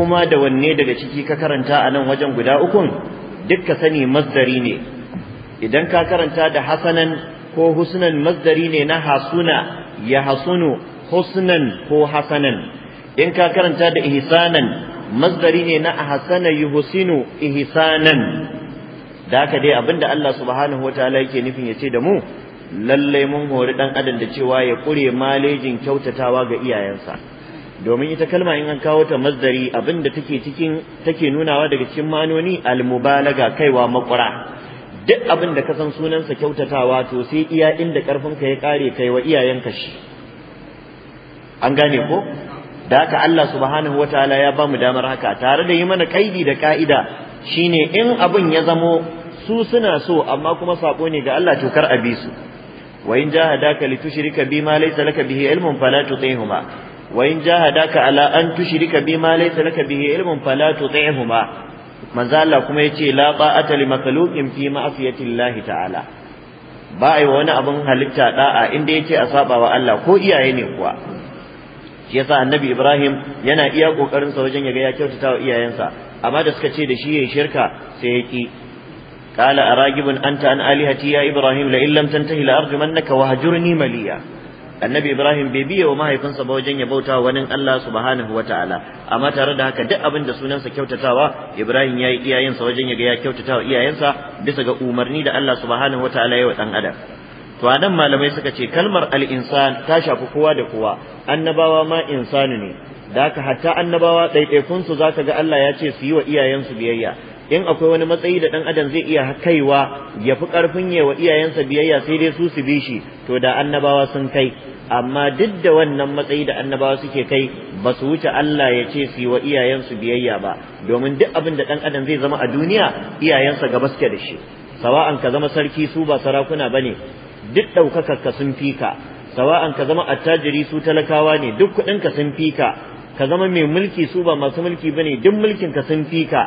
ma da wanne daga ciki ka karanta a nan wajen guda ukun duk sani masdari ne idan ka karanta da hasanan ko husnan masdari ne na hasuna ya hasunu husnan ko hasanan in ka karanta da ihsanan masdari ne na ahsana yuhsinu ihsanan da haka dai abinda Allah subhanahu wataala yake nufin ya ce da mu lallai mun hori dan adam da cewa ya kure malejin kyautatawa ga iyayensa domin ita kalma in an kawo ta masdari abinda take cikin take nunawa daga cikin manoni almubalaga kaiwa makura duk abinda ka san sunansa kyautatawa to sai iya inda karfinka ya kare kai wa iyayenka shi an gane ko da haka Allah subhanahu wataala ya bamu damar haka tare da yi mana kaidi da ka'ida shine in abin ya zamo su suna so amma kuma sako ne ga Allah to a bi su wa in jahadaka litushrika bima laysa laka bihi ilmun fala tuti'huma wa in jahadaka ala an tushrika bima laysa laka bihi ilmun fala tuti'huma manzo Allah kuma yace la ta'ata li makhluqin fi ma'siyati Allah ta'ala ba ai wani abin halitta da'a inda yace a saba wa Allah ko iyaye ne kuwa shi yasa annabi ibrahim yana iya kokarin sa wajen yaga ya kyautata wa iyayensa amma da suka ce da shi yayi shirka sai ya ki qala ragibin anta an alihati ya ibrahim la illam tantahi la arjumannaka wahjurni maliya annabi ibrahim bai biye wa mahaifinsa ba wajen ya bauta wa wani allah subhanahu ta'ala amma tare da haka duk abin da sunansa kyautatawa ibrahim yayi iyayensa wajen yaga ya kyautata wa iyayensa bisa ga umarni da allah subhanahu wataala ya wa dan adam to anan malamai suka ce kalmar al ta shafi kowa da kowa annabawa ma insani ne da ka hatta annabawa ɗaiɗaikun su zaka ga Allah ya ce su yi wa iyayensu biyayya in akwai wani matsayi da ɗan adam zai iya kaiwa ya fi ƙarfin ya wa iyayensa biyayya sai dai su su bi shi to da annabawa sun kai amma duk da wannan matsayi da annabawa suke kai ba su wuce Allah ya ce su yi wa iyayensu biyayya ba domin duk abin da ɗan adam zai zama a duniya iyayensa gaba suke da shi sawa'an ka zama sarki su ba sarakuna ba ne duk ɗaukaka ka sun fi ka sawa'an ka zama attajiri su talakawa ne duk kuɗin ka sun fi ka ka zama mai mulki su ba masu mulki bane duk mulkin ka sun fi ka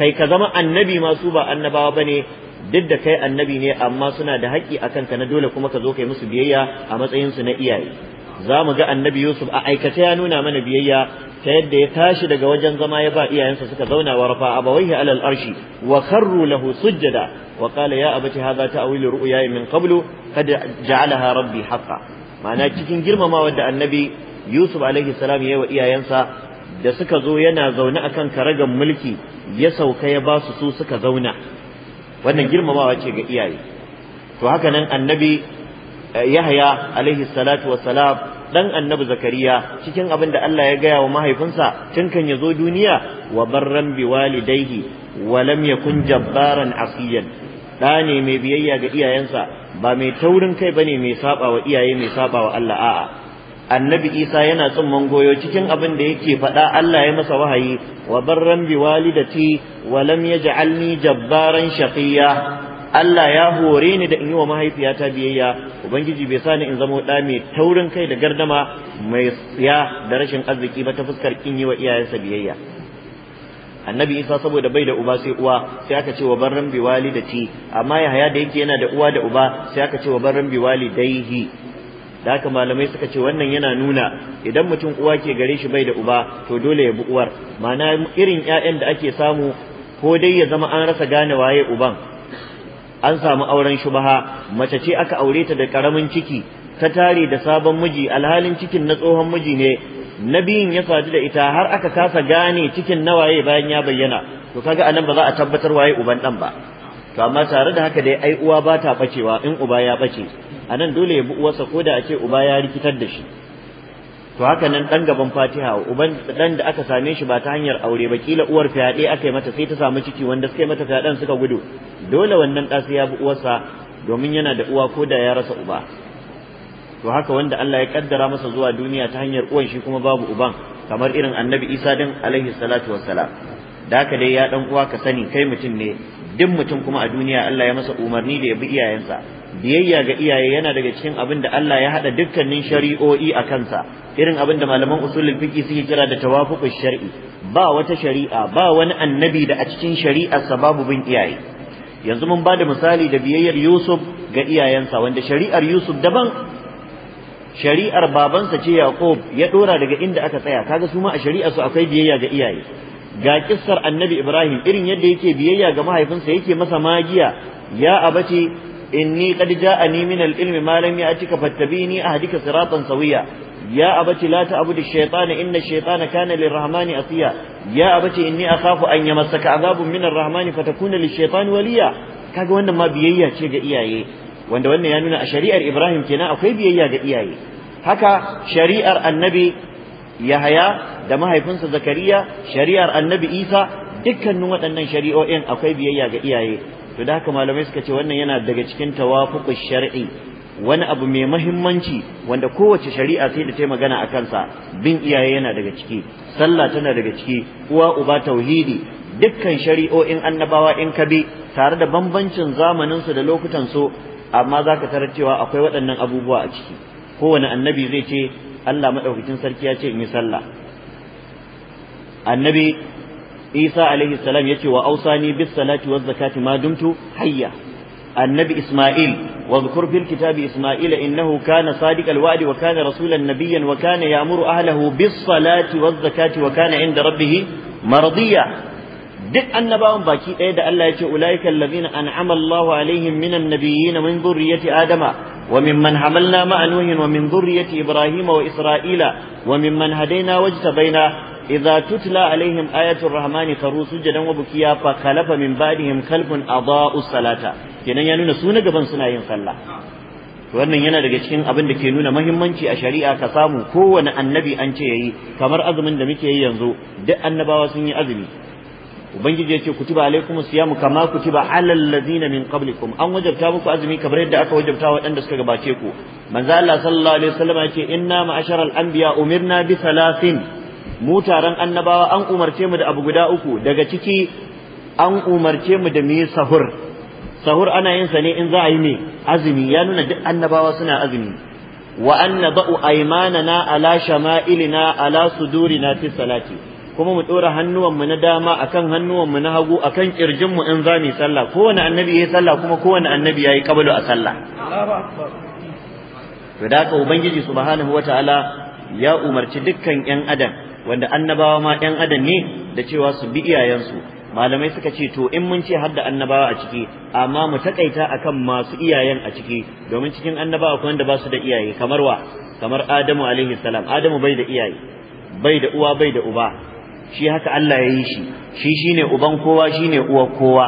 kai ka zama annabi ma su ba annabawa bane duk da kai annabi ne amma suna da haƙƙi akan ka na dole kuma ka zo kai musu biyayya a matsayinsu na iyaye za mu ga annabi yusuf a aikace ya nuna mana biyayya ta yadda ya tashi daga wajen zama ya ba iyayensa suka zauna wa rafa abawaihi alal arshi wa kharru lahu sujjada wa qala ya abati hadha ta'wilu ru'yaya min qablu qad ja'alaha rabbi haqqan ma'ana cikin girmamawa da annabi yusuf alaihi salam yi wa iyayensa da suka zo yana zaune akan karagan mulki ya sauka ya ba su su suka zauna wannan girmamawa ce ga iyaye to haka nan annabi Yahya alaihi salatu wassalam dan annabi Zakariya cikin abin da Allah ya gaya wa mahaifinsa tun kan ya zo duniya wa barran bi walidaihi wa lam yakun jabbaran asiyan da ne mai biyayya ga iyayensa ba mai taurin kai bane mai saba wa iyaye mai saba wa Allah a'a annabi Isa yana tsumman goyo cikin abin da yake faɗa Allah ya masa wahayi wa barran bi walidati wa lam yaj'alni jabbaran shaqiyya Allah ya hore ni da in yi wa mahaifiyata biyayya ubangiji bai sa ni in zama da mai taurin kai da gardama mai tsiya da rashin arziki ba ta fuskar kin yi wa iyayensa biyayya annabi isa saboda bai da uba sai uwa sai aka ce wa barran bi walidati amma haya da yake yana da uwa da uba sai aka ce wa barran bi walidaihi da haka malamai suka ce wannan yana nuna idan mutum uwa ke gare shi bai da uba to dole ya bi uwar ma'ana irin 'ya'yan da ake samu ko dai ya zama an rasa gane waye uban an samu auren shubaha mace ce aka aure ta da karamin ciki ta tare da sabon miji alhalin cikin na tsohon miji ne na biyun ya sadu da ita har aka kasa gane cikin na waye bayan ya bayyana to kaga anan ba za a tabbatar waye uban dan ba to amma tare da haka dai ai uwa ba ta bacewa in uba ya bace anan dole ya bi uwarsa ko da a ce uba ya rikitar da shi to haka nan dan gaban Fatiha uban dan da aka same shi ba ta hanyar aure ba kila uwar fyaɗe aka mata sai ta samu ciki wanda suka yi mata fyaɗen suka gudu dole wannan da sai ya bi uwarsa domin yana da uwa ko da ya rasa uba to haka wanda Allah ya kaddara masa zuwa duniya ta hanyar uwan shi kuma babu uban kamar irin Annabi Isa din alaihi salatu wassalam da haka dai ya dan uwa ka sani kai mutum ne duk mutum kuma a duniya Allah ya masa umarni da ya bi iyayensa biyayya ga iyaye yana daga cikin abin da Allah ya hada dukkanin shari'o'i a kansa irin abin da malaman usulul fiqi suke kira da tawafuqus shar'i ba wata shari'a ba wani annabi da a cikin shari'ar babu bin iyaye yanzu mun bada misali da biyayyar Yusuf ga iyayensa wanda shari'ar Yusuf daban shari'ar babansa ce Yaqub ya dora daga inda aka tsaya kaga su ma a shari'ar su akwai biyayya ga iyaye ga kissar annabi ibrahim irin yadda yake biyayya ga mahaifinsa yake masa magiya ya abace inni qad ja'ani min al-ilmi ma lam ya'tika fattabini ahdika siratan sawiya ya abace la ta'budu ash-shaytana inna ash-shaytana kana lir-rahmani atiya ya abace inni akhafu an yamassaka azabun min ar-rahmani fatakuna lish-shaytani waliya kaga wannan ma biyayya ce ga iyaye wanda wannan ya nuna a shari'ar ibrahim kenan akwai biyayya ga iyaye haka shari'ar annabi yahaya da mahaifinsa zakariya shari'ar annabi isa dukkanin waɗannan shari'o'in akwai biyayya ga iyaye to da haka malamai suka ce wannan yana daga cikin tawafuqu shar'i wani abu mai mahimmanci wanda kowace shari'a sai da ta magana a kansa bin iyaye yana daga ciki sallah tana daga ciki uwa uba tauhidi dukkan shari'o'in annabawa in ka bi tare da bambancin zamanin su da lokutan su amma zaka tarar cewa akwai waɗannan abubuwa a ciki kowane annabi zai ce Allah madaukakin sarki ya ce in yi sallah annabi Isa alaihi salam ya ce wa ausani bis salati waz zakati ma dumtu hayya annabi Isma'il kitabi innahu kana sadiqal wa'di wa kana rasulan nabiyyan wa kana ya'muru ahlihi bis salati waz zakati wa kana 'inda rabbih مرضيا duk annabawan baki daya da Allah ya ce ulaiikal ladina an'ama Allahu alaihim minan nabiyyin min dhurriyyati adama وممن حملنا مع نوح ومن ذرية إبراهيم وإسرائيل وممن هدينا واجتبينا إذا تتلى عليهم آية الرحمن خروا سجدا وبكيا فخلف من بعدهم خلف أضاءوا الصلاة kenan ya nuna su na gaban suna yin sallah wannan yana daga cikin abin da ke nuna mahimmanci a shari'a ka samu kowane annabi an ce yi kamar azumin da muke yi yanzu da annabawa sun yi azumi ubangiji ce kutiba alaikumus siyamu kama kutiba alal ladina min qablikum an wajabta muku azumi kamar yadda aka wajabta waɗanda suka gabace ku manzo Allah sallallahu alaihi wasallam yace inna ma'ashara al-anbiya umirna bi thalathin mu taron annabawa an umarce mu da abu guda uku daga ciki an umarce mu da mu yi sahur sahur ana yin sa ne in za a yi mai azumi ya nuna duk annabawa suna azumi wa an nada'u aymanana ala shama'ilina ala sudurina fi salati kuma mu ɗora hannuwanmu na dama akan hannuwanmu na hagu akan ƙirjinmu in za mu sallah kowane annabi ya yi sallah kuma kowane annabi ya yi ƙabalu a sallah to da haka ubangiji subhanahu wataala ya umarci dukkan ƴan adam wanda annabawa ma ƴan adam ne da cewa su bi iyayensu malamai suka ce to in mun ce har da annabawa a ciki amma mu takaita akan masu iyayen a ciki domin cikin annabawa akwai wanda ba su da iyaye kamar wa kamar Adamu alaihi salam Adamu bai da iyaye bai da uwa bai da uba shi haka Allah ya yi shi shi shi ne uban kowa shi ne uwa kowa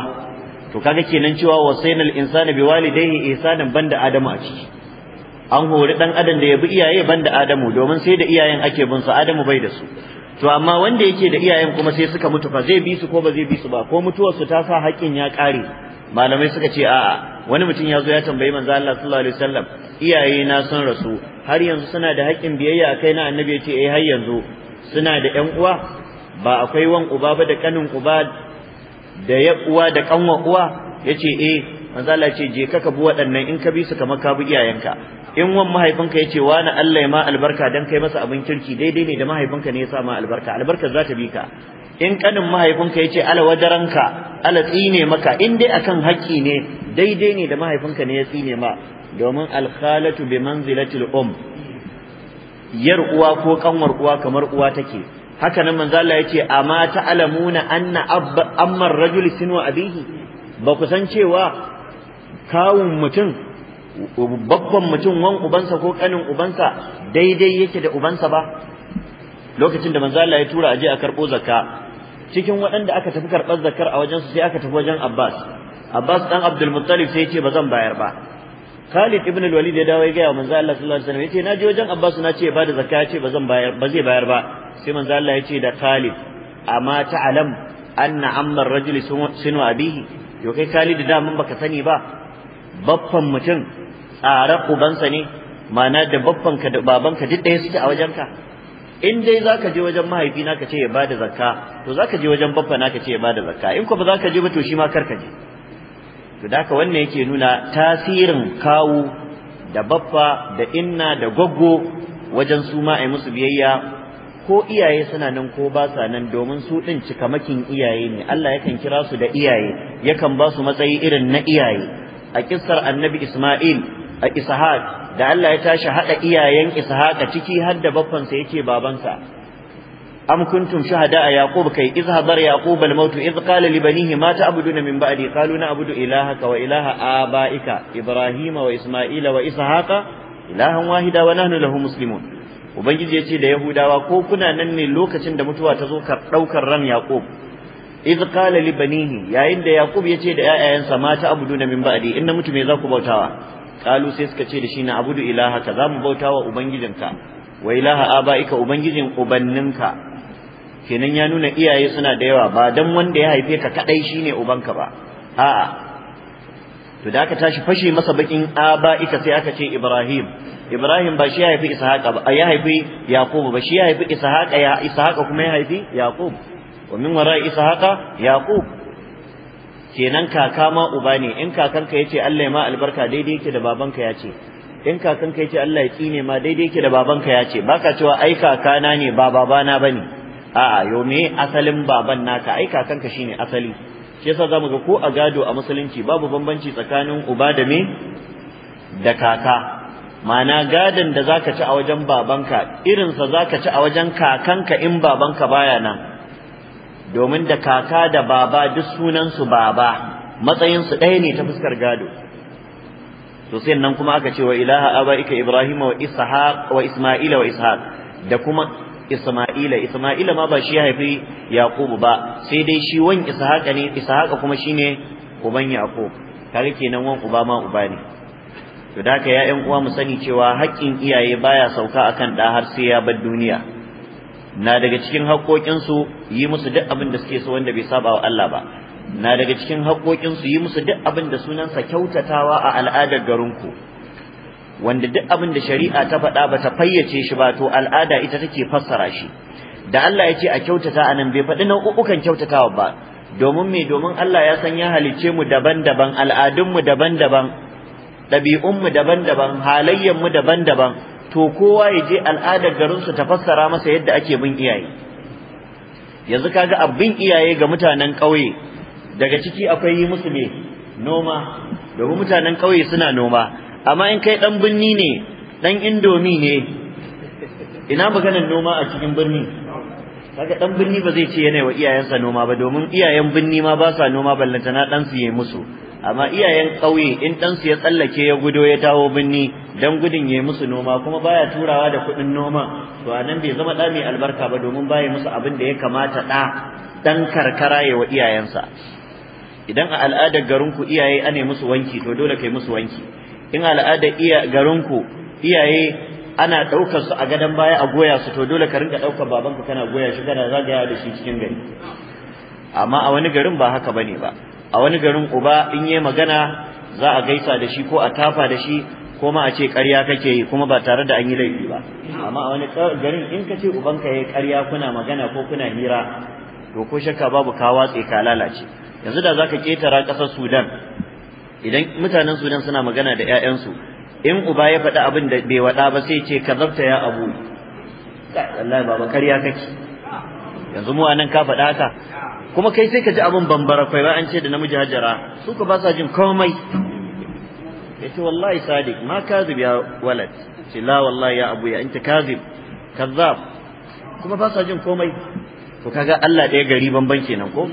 to kaga kenan cewa wasainal insana biwalidayhi ihsanan banda adamu a ciki an hori dan adam da ya bi iyaye banda adamu domin sai da iyayen ake bin su adamu bai da su to amma wanda yake da iyayen kuma sai suka mutu fa zai bi su ko ba zai bi su ba ko mutuwar su ta sa haƙin ya ƙare malamai suka ce a'a wani mutum ya zo ya tambayi manzo Allah sallallahu alaihi wasallam iyaye na sun rasu har yanzu suna da haƙin biyayya a kai na annabi ya ce eh har yanzu suna da ƴan uwa ba akwai wan uba ba da kanin uba da ya uwa da kanwa uwa yace eh manzo Allah ce je ka ka bi waɗannan in ka bi su kamar ka bi iyayenka in wan mahaifinka yace wani Allah ya ma albarka dan kai masa abin kirki daidai ne da mahaifinka ne ya sa ma albarka albarka za ta bi ka in kanin mahaifinka yace ala wajaranka ala tsine maka in dai akan haƙƙi ne daidai ne da mahaifinka ne ya tsine ma domin alkhalatu bi manzilatil um yar uwa ko kanwar uwa kamar uwa take haka nan manzo Allah yace amma ta'lamuna anna abba amma ar-rajul sinu abihi ba ku san cewa kawun mutum babban mutum wan ubansa ko kanin ubansa daidai yake da ubansa ba lokacin da manzo Allah ya tura aje a karbo zakka cikin waɗanda aka tafi karɓar zakar a wajensu sai aka tafi wajen Abbas Abbas dan Abdul Muttalib sai yace ce ba zan bayar ba Khalid ibn al-Walid ya dawo ya ga manzo Allah sallallahu alaihi wasallam ya ce naje wajen Abbas na ce ba da zakka ya ce ba zan bayar ba zai bayar ba sai manzo Allah ya ce da Khalid amma alam anna amma ar-rajul sunu abihi yo kai Khalid da mun baka sani ba baffan mutum tsara ubansa ne ma'ana da baffan ka da babanka duk ɗaya suke a wajen ka. in dai zaka je wajen mahaifina ka ce ya bada zakka to zaka je wajen baffana ka ce ya bada zakka in ko ba zaka je ba to shi ma karka je to da haka wannan yake nuna tasirin kawu da baffa da inna da goggo wajen su ma ai musu biyayya ko iyaye suna nan ko ba sa nan domin su ɗin cikamakin iyaye ne Allah yakan kira su da iyaye yakan ba su matsayi irin na iyaye a kissar annabi Ismail a Ishaq da Allah ya tashi haɗa iyayen Ishaq ciki har da baffansa yake babansa am kuntum shahada a yaqub kai iz yaqub al maut iz qala li banihi ma ta'buduna min ba'di qalu na'budu ilahaka wa ilaha abaika ibrahima wa isma'ila wa ishaqa ilahan wahida wa nahnu lahu muslimun ubangiji ya ce da yahudawa ko kuna nan ne lokacin da mutuwa ta zo ka ɗaukar ran yaqub idh qala li banihi yayin da yaqub ya ce da ƴaƴayensa mata na min ba'di inna mutu me za ku bautawa qalu sai suka ce da shi na abudu ilaha ka za mu bautawa ubangijinka wa ilaha abaika ubangijin ubanninka kenan ya nuna iyaye suna da yawa ba dan wanda ya haife ka kadai shine ubanka ba a'a to da aka tashi fashe masa bakin abaika sai aka ce ibrahim Ibrahim ba shi ya haifi Ishaqa ba ya haifi Yaqub ba shi ya haifi Ishaqa ya Ishaqa kuma ya haifi Yaqub wa min wara Ishaqa Yaqub kenan kaka ma uba ne in kakanka yace Allah ya ma albarka daidai yake da babanka yace in kakanka yace Allah ya kine ma daidai yake da babanka yace baka cewa ai kakana ne ba babana bane a'a yo me asalin baban naka ai kakanka shine asali shi yasa zamu ga ko a gado a musulunci babu bambanci tsakanin uba da me da kaka ma'ana gadon da zaka ci a wajen babanka irinsa zaka ci a wajen kakanka in babanka baya nan domin da kaka da baba duk sunansu baba matsayinsu ɗaya ne ta fuskar gado to sai nan kuma aka ce wa ilaha abaika ibrahima wa ishaq wa isma'ila wa ishaq da kuma Isma'ila Isma'ila ma ba shi ya haifi yaqub ba sai dai shi wan ishaq ne ishaq kuma shine uban Yaqub kare kenan wan uba ma uba ne to da haka ya'yan uwa mu sani cewa haƙƙin iyaye baya sauka akan ɗa har sai ya bar duniya na daga cikin haƙƙoƙinsu yi musu duk abin da suke so wanda bai saba wa Allah ba na daga cikin haƙƙoƙinsu yi musu duk abin da sunansa kyautatawa a al'adar garinku wanda duk abin da shari'a ta faɗa ba ta fayyace shi ba to al'ada ita take fassara shi da Allah ya ce a kyautata anan bai faɗi nau'ukan kyautatawa ba domin me domin Allah ya san ya halicce mu daban-daban al'adunmu daban-daban ɗabi'unmu daban-daban halayyanmu daban-daban to kowa ya je al'adar garinsu ta fassara masa yadda ake bin iyaye yanzu kaga abin iyaye ga mutanen ƙauye daga ciki akwai yi musu ne noma domin mutanen ƙauye suna noma amma in kai ɗan birni ne ɗan indomi ne ina maganar noma a cikin birni kaga ɗan birni ba zai ce yana wa iyayensa noma ba domin iyayen birni ma ba sa noma ballantana ɗansu ya yi musu amma iyayen ƙauye in ɗansu ya tsallake ya gudo ya dawo binni don gudun ya yi musu noma kuma baya turawa da kuɗin noma to a nan bai zama ɗa mai albarka ba domin baya musu abin da ya kamata ɗa ɗan karkara ya wa iyayensa idan a al'adar garinku iyaye ane musu wanki to dole kai musu wanki in al'adar iya garinku iyaye ana ɗaukar su a gadon baya a goya su to dole ka rinka ɗaukar babanka kana goya shi kana zagaya da shi cikin gari amma a wani garin ba haka bane ba a wani garin uba in yi magana za a gaisa da shi ko a tafa da shi ko ma a ce ƙarya kake yi kuma ba tare da an yi laifi ba amma a wani garin in ka ce ubanka ya yi ƙarya kuna magana ko kuna hira to ko shakka babu ka watse ka lalace yanzu da zaka ketara ƙasar Sudan idan mutanen Sudan suna magana da ƴaƴansu in uba ya faɗi abin da bai waɗa ba sai ce ka ya abu wallahi baba ƙarya kake yanzu mu anan ka faɗa haka kuma kai sai ka ji abin bambara kai ba an ce da namiji hajara su ka ba sa jin komai yace wallahi sadiq ma kazib ya walad ce la wallahi ya abuya anta kazib kazzab kuma ba sa jin komai to kaga Allah ɗaya gari banban kenan ko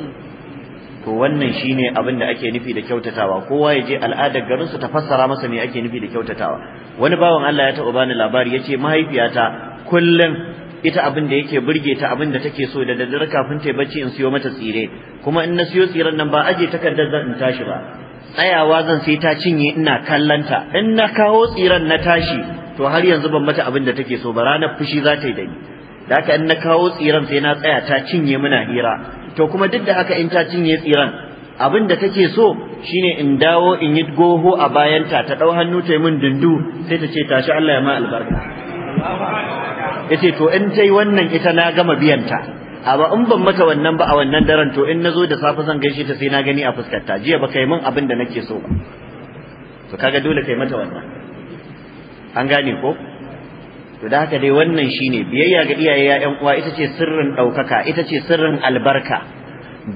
to wannan shine abin da ake nufi da kyautatawa kowa ya je al'adar garin su ta fassara masa me ake nufi da kyautatawa wani bawan Allah ya taɓa bani labari yace mahaifiyata kullum ita abin da yake burge ta abin da take so da daddare kafin ta bacci in siyo mata tsire kuma in na siyo tsiren nan ba aje takardar zan in tashi ba tsayawa zan sai ta cinye ina kallanta in na kawo tsiren na tashi to har yanzu ban mata abin da take so ba ranar fushi za ta yi da ni da haka in na kawo tsiren sai na tsaya ta cinye muna hira to kuma duk da haka in ta cinye tsiren abin da take so shine in dawo in yi goho a bayanta ta ɗau hannu ta yi min dundu sai ta ce tashi Allah ya ma albarka yace to in tai wannan ita na gama biyan ta amma in ban mata wannan ba a wannan daren to in nazo da safe zan gaishe ta sai na gani a fuskar ta jiya ba kai min abin da nake so ba to kaga dole kai mata wannan an gane ko to da haka dai wannan shine biyayya ga iyaye ya uwa ita ce sirrin ɗaukaka ita ce sirrin albarka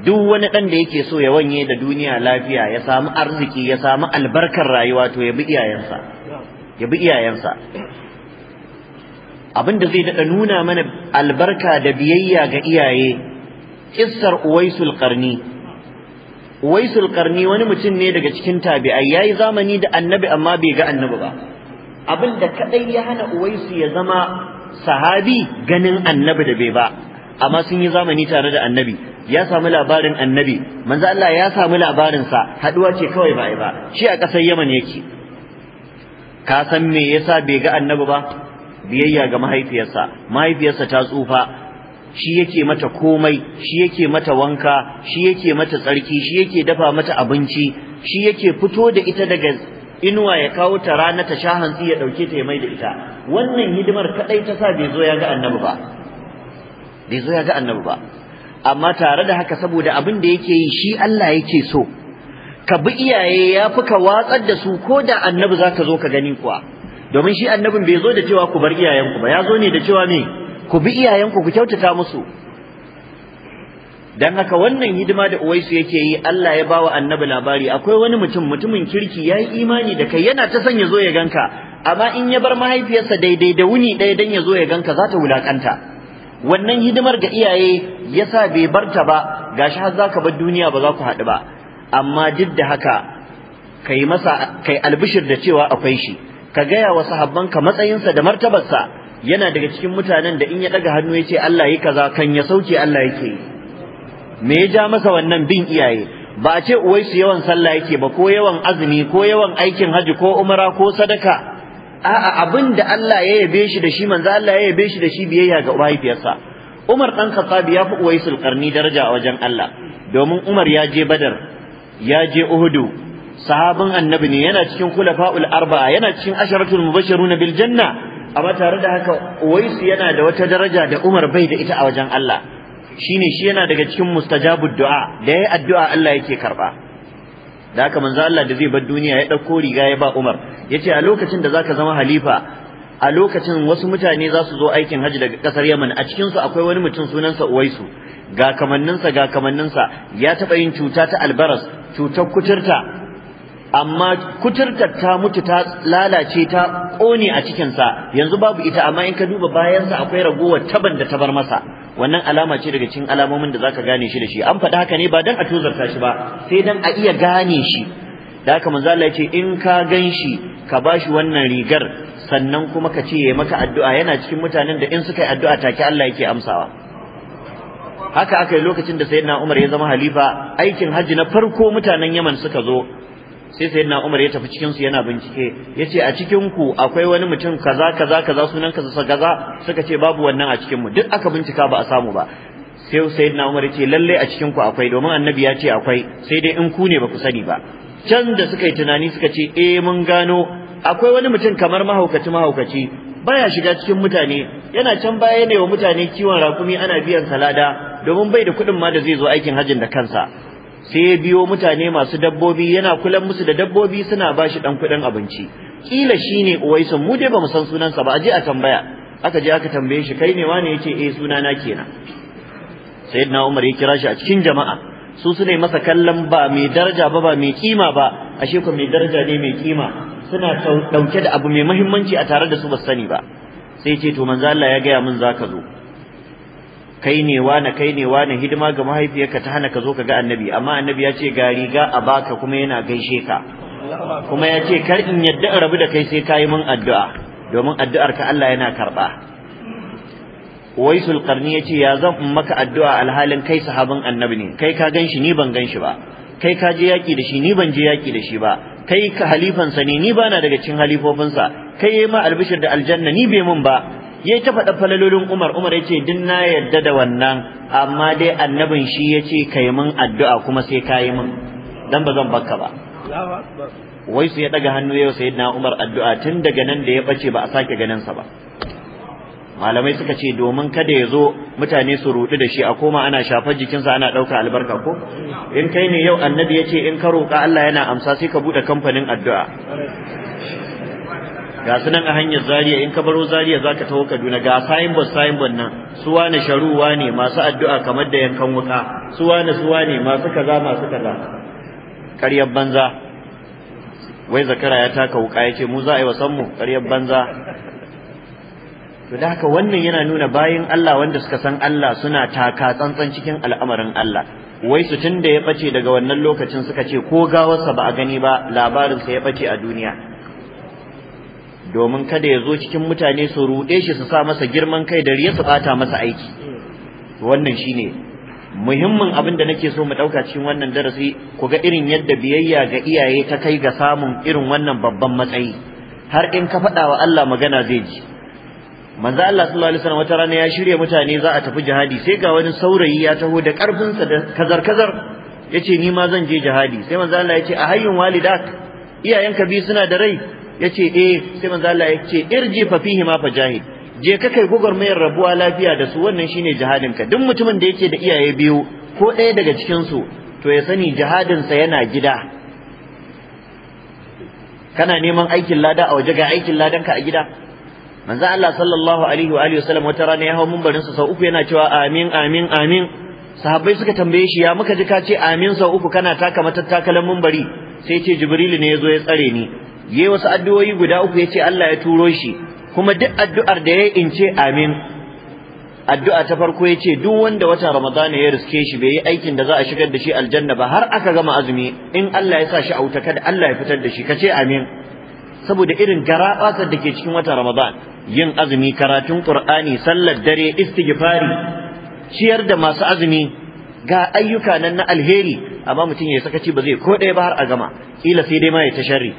duk wani dan da yake so ya wanye da duniya lafiya ya samu arziki ya samu albarkar rayuwa to ya bi iyayensa ya bi iyayensa abin da zai daɗa nuna mana albarka da biyayya ga iyaye kissar uwaisul Karni. uwaisul Karni wani mutum ne daga cikin tabi'ai ya yi zamani da annabi amma bai ga annabi ba abin da kadai ya hana uwaisu ya zama sahabi ganin annabi da bai ba amma sun yi zamani tare da annabi ya samu labarin annabi Manza Allah ya samu labarinsa haɗuwa ce kawai ba ba shi a ƙasar Yaman yake ka san me yasa bai ga annabi ba biyayya ga mahaifiyarsa mahaifiyarsa ta tsufa shi yake mata komai shi yake mata wanka shi yake mata tsarki shi yake dafa mata abinci shi yake fito da ita daga inuwa ya kawo ta rana ta sha hantsi ya dauke ta ya mai da ita wannan hidimar kadai ta sa bai zo ya ga annabi ba bai zo ya ga annabi ba amma tare da haka saboda abin da yake yi shi Allah yake so ka bi iyaye ya fi ka watsar da su ko da annabi za ka zo ka gani kuwa domin shi annabin bai zo da cewa ku bar iyayenku ba ya zo ne da cewa me ku bi iyayenku ku kyautata musu dan haka wannan hidima da uwaisu yake yi Allah ya bawa annabi labari akwai wani mutum mutumin kirki yayi imani da kai yana ta son ya zo ya ganka amma in ya bar mahaifiyarsa daidai da wuni ɗaya dan ya zo ya ganka za ta wulakanta wannan hidimar ga iyaye yasa bai barta ba gashi har zaka bar duniya ba za ku haɗu ba amma duk da haka kai masa kai albishir da cewa akwai shi ka gaya wa sahabbanka matsayinsa da martabarsa yana daga cikin mutanen da in ya daga hannu ya ce Allah yi kaza kan ya sauke Allah yake yi me ya ja masa wannan bin iyaye ba a ce uwaisu yawan sallah yake ba ko yawan azumi ko yawan aikin haji ko umara ko sadaka a'a abin da Allah ya yabe shi da shi manzo Allah ya yabe shi da shi biyayya ga mahaifiyarsa Umar dan Khattab ya fi uwai karni daraja a wajen Allah domin Umar ya je Badar ya je Uhudu sahabin annabi ne yana cikin kulafa'ul arba'a yana cikin asharatul mubashiruna bil janna amma tare da haka Uwaisu yana da wata daraja da Umar bai da ita a wajen Allah shine shi yana daga cikin mustajabud du'a da yayi addu'a Allah yake karba da haka manzo Allah da zai bar duniya ya dauko riga ya ba Umar yace a lokacin da zaka zama halifa a lokacin wasu mutane za su zo aikin hajji daga kasar Yaman a cikin su akwai wani mutum sunansa Uwaisu ga kamanninsa ga kamanninsa ya taɓa yin cuta ta albaras cutar kuturta amma kuturtar ta mutu ta lalace ta ƙone a cikinsa yanzu babu ita amma in ka duba bayansa akwai ragowar taban da ta bar masa wannan alama ce daga cikin alamomin da zaka gane shi da shi an faɗi haka ne ba dan a tozarta shi ba sai dan a iya gane shi da haka manzo Allah ce in ka gan shi ka shi wannan rigar sannan kuma ka ce yayi maka addu'a yana cikin mutanen da in suka yi addu'a take Allah yake amsawa haka aka yi lokacin da sayyidina Umar ya zama halifa aikin hajji na farko mutanen Yaman suka zo sai sayyidina Umar ya tafi cikin su yana bincike ya ce a cikin ku akwai wani mutum kaza kaza kaza sunan ka sa kaza suka ce babu wannan a cikin mu duk aka bincika ba a samu ba sai sayyidina Umar yace lalle a cikin ku akwai domin annabi ya ce akwai sai dai in ku ne ba ku sani ba can da suka yi tunani suka ce eh mun gano akwai wani mutum kamar mahaukaci mahaukaci baya shiga cikin mutane yana can baya ne wa mutane kiwon rakumi ana biyan salada domin bai da kuɗin ma da zai zo aikin hajjin da kansa sai ya biyo mutane masu dabbobi yana kulan musu da dabbobi suna bashi ɗan kuɗin abinci kila shine uwaisun mu dai bamu san sunansa ba aje a tambaya aka je aka tambaye shi kai ne wane ce eh na kenan sayyidina umar ya kira shi a cikin jama'a su su masa kallon ba mai daraja ba ba mai kima ba ashe ko mai daraja ne mai kima suna dauke da abu mai muhimmanci a tare da su ba sani ba sai ce to manzo Allah ya gaya min zaka zo kai ne wani kai ne wani hidima ga mahaifiyarka ta hana ka zo ka ga annabi amma annabi ya ce ga riga a baka kuma yana gaishe ka kuma ya ce kar in yadda in rabu da kai sai ka yi min addu'a domin addu'ar ka Allah yana karɓa waisul qarni ya ce ya zan in maka addu'a alhalin kai sahabin annabi ne kai ka gan ni ban gan ba kai ka je yaki da shi ni ban je yaki da shi ba kai ka halifansa ne ni bana daga cikin halifofinsa kai yayi ma albishir da aljanna ni bai mun ba yayi ta faɗa falalolin Umar Umar yace din na yadda da wannan amma dai annabin shi yace kai min addu'a kuma sai kai min dan ba bakka ba wai sai ya daga hannu yau sayyidina Umar addu'a tun daga nan da ya bace ba a sake ganin sa ba malamai suka ce domin kada ya zo mutane su rudu da shi a koma ana shafar jikinsa ana ɗauka albarka ko in kai ne yau annabi ya ce in ka roƙa Allah yana amsa sai ka buɗe kamfanin addu'a ga su nan a hanyar Zariya in ka baro Zariya za ka taho kaduna ga sayin bas nan su wane sharuwa ne masu addu'a kamar da yankan wuka su wane su wane masu kaza masu kaza Karyar banza wai zakara ya taka wuka yace mu za a yi wa mu karyar banza to da haka wannan yana nuna bayan Allah wanda suka san Allah suna taka tsantsan cikin al'amarin Allah wai su tun da ya ɓace daga wannan lokacin suka ce ko gawarsa ba a gani ba labarinsa ya ɓace a duniya domin kada ya zo cikin mutane su ruɗe shi su sa masa girman kai da riya su bata masa aiki wannan shine muhimmin abin da nake so mu ɗauka cikin wannan darasi ku ga irin yadda biyayya ga iyaye ta kai ga samun irin wannan babban matsayi har in ka faɗa wa Allah magana zai ji manzo Allah sallallahu alaihi wasallam wata rana ya shirya mutane za a tafi jihadi sai ga wani saurayi ya taho da ƙarfinsa da kazar-kazar yace ni ma zan je jihadi sai manzo Allah yace a hayyun walidak iyayenka biyu suna da rai ya ce eh sai manzo Allah ce irji fa fihi ma fajahid je ka kai mayar rabuwa lafiya da su wannan shine jihadin ka duk mutumin da yake da iyaye biyu ko ɗaya daga cikin su to ya sani jihadin yana gida kana neman aikin lada a waje ga aikin ladan ka a gida manzo Allah sallallahu alaihi wa alihi wasallam wata rana ya hawo mumbarin sa sau uku yana cewa amin amin amin sahabbai suka tambaye shi ya muka ji ka ce amin sau uku kana taka matattakalan mumbari sai ce jibrilu ne ya zo ya tsare ni yayi wasu addu'o'i guda uku ya ce Allah ya turo shi kuma duk addu'ar da yayi in ce amin addu'a ta farko ya ce duk wanda watan Ramadana ya riske shi bai yi aikin da za a shigar da shi aljanna ba har aka gama azumi in Allah ya sa shi a wuta kada Allah ya fitar da shi kace amin saboda irin garabatar da ke cikin watan Ramadan yin azumi karatun Qur'ani sallar dare istighfari ciyar da masu azumi ga ayyuka nan na alheri amma mutum ya sakaci ba zai ko ɗaya ba har a gama kila sai dai ma ya ta sharri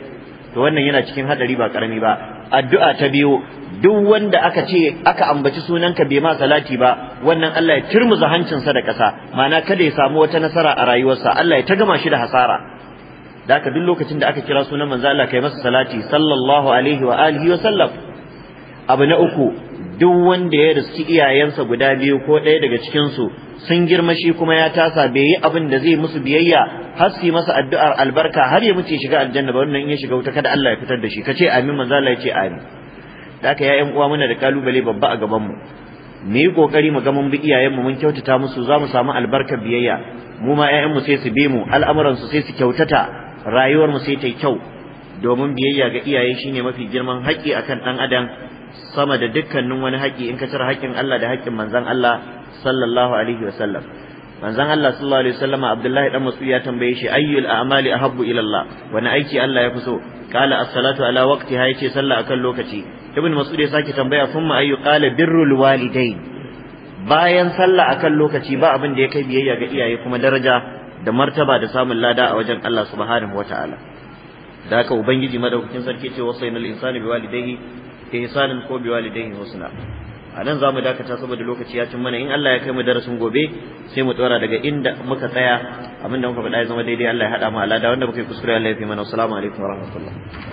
to wannan yana cikin hadari ba karami ba addu'a ta biyu duk wanda aka ce aka ambaci sunanka bai ma salati ba wannan Allah ya turmuza hancinsa da ƙasa mana kada ya samu wata nasara a rayuwarsa Allah ya ta gama shi da hasara da haka duk lokacin da aka kira sunan manzo Allah kai masa salati sallallahu alaihi wa alihi wa sallam abu na uku duk wanda ya riski iyayensa guda biyu ko ɗaya daga cikin su sun girma shi kuma ya tasa bai yi abin da zai musu biyayya har su masa addu'ar albarka har ya mutu shiga aljanna ba wannan in ya shiga wuta kada Allah ya fitar da shi kace amin manzo Allah ya ce amin haka ya uwa muna da kalubale babba a gaban mu mu yi kokari mu ga mun bi iyayen mu mun kyautata musu za mu samu albarkar biyayya mu ma ƴaƴan mu sai su bi mu al'amuran su sai su kyautata rayuwar mu sai ta yi kyau domin biyayya ga iyaye shine mafi girman haƙƙi akan ɗan adam sama da dukkanin wani haƙƙi in ka cire haƙƙin Allah da haƙƙin manzan Allah sallallahu alaihi wasallam manzon Allah sallallahu alaihi wasallam Abdullahi dan Mas'ud ya tambaye shi ayyul a'mali a ila Allah wani aiki Allah ya fi so qala as-salatu ala ha yace sallah akan lokaci ibn Mas'ud ya sake tambaya thumma ayyu qala birrul walidain bayan sallah akan lokaci ba abin da ya kai biyayya ga iyaye kuma daraja da martaba da samun lada a wajen Allah subhanahu wa ta'ala. da haka ubangiji madaukakin sarki ce wasainal insani biwalidayhi bi ihsanin ko bi walidayhi husna a nan za dakata saboda lokaci ya cin mana in Allah ya kai mu darasin gobe sai mu tsora daga inda muka tsaya abinda muka faɗa ya zama daidai Allah ya haɗa mu alada wanda muka yi kuskure Allah ya fi mana assalamu alaikum warahmatullahi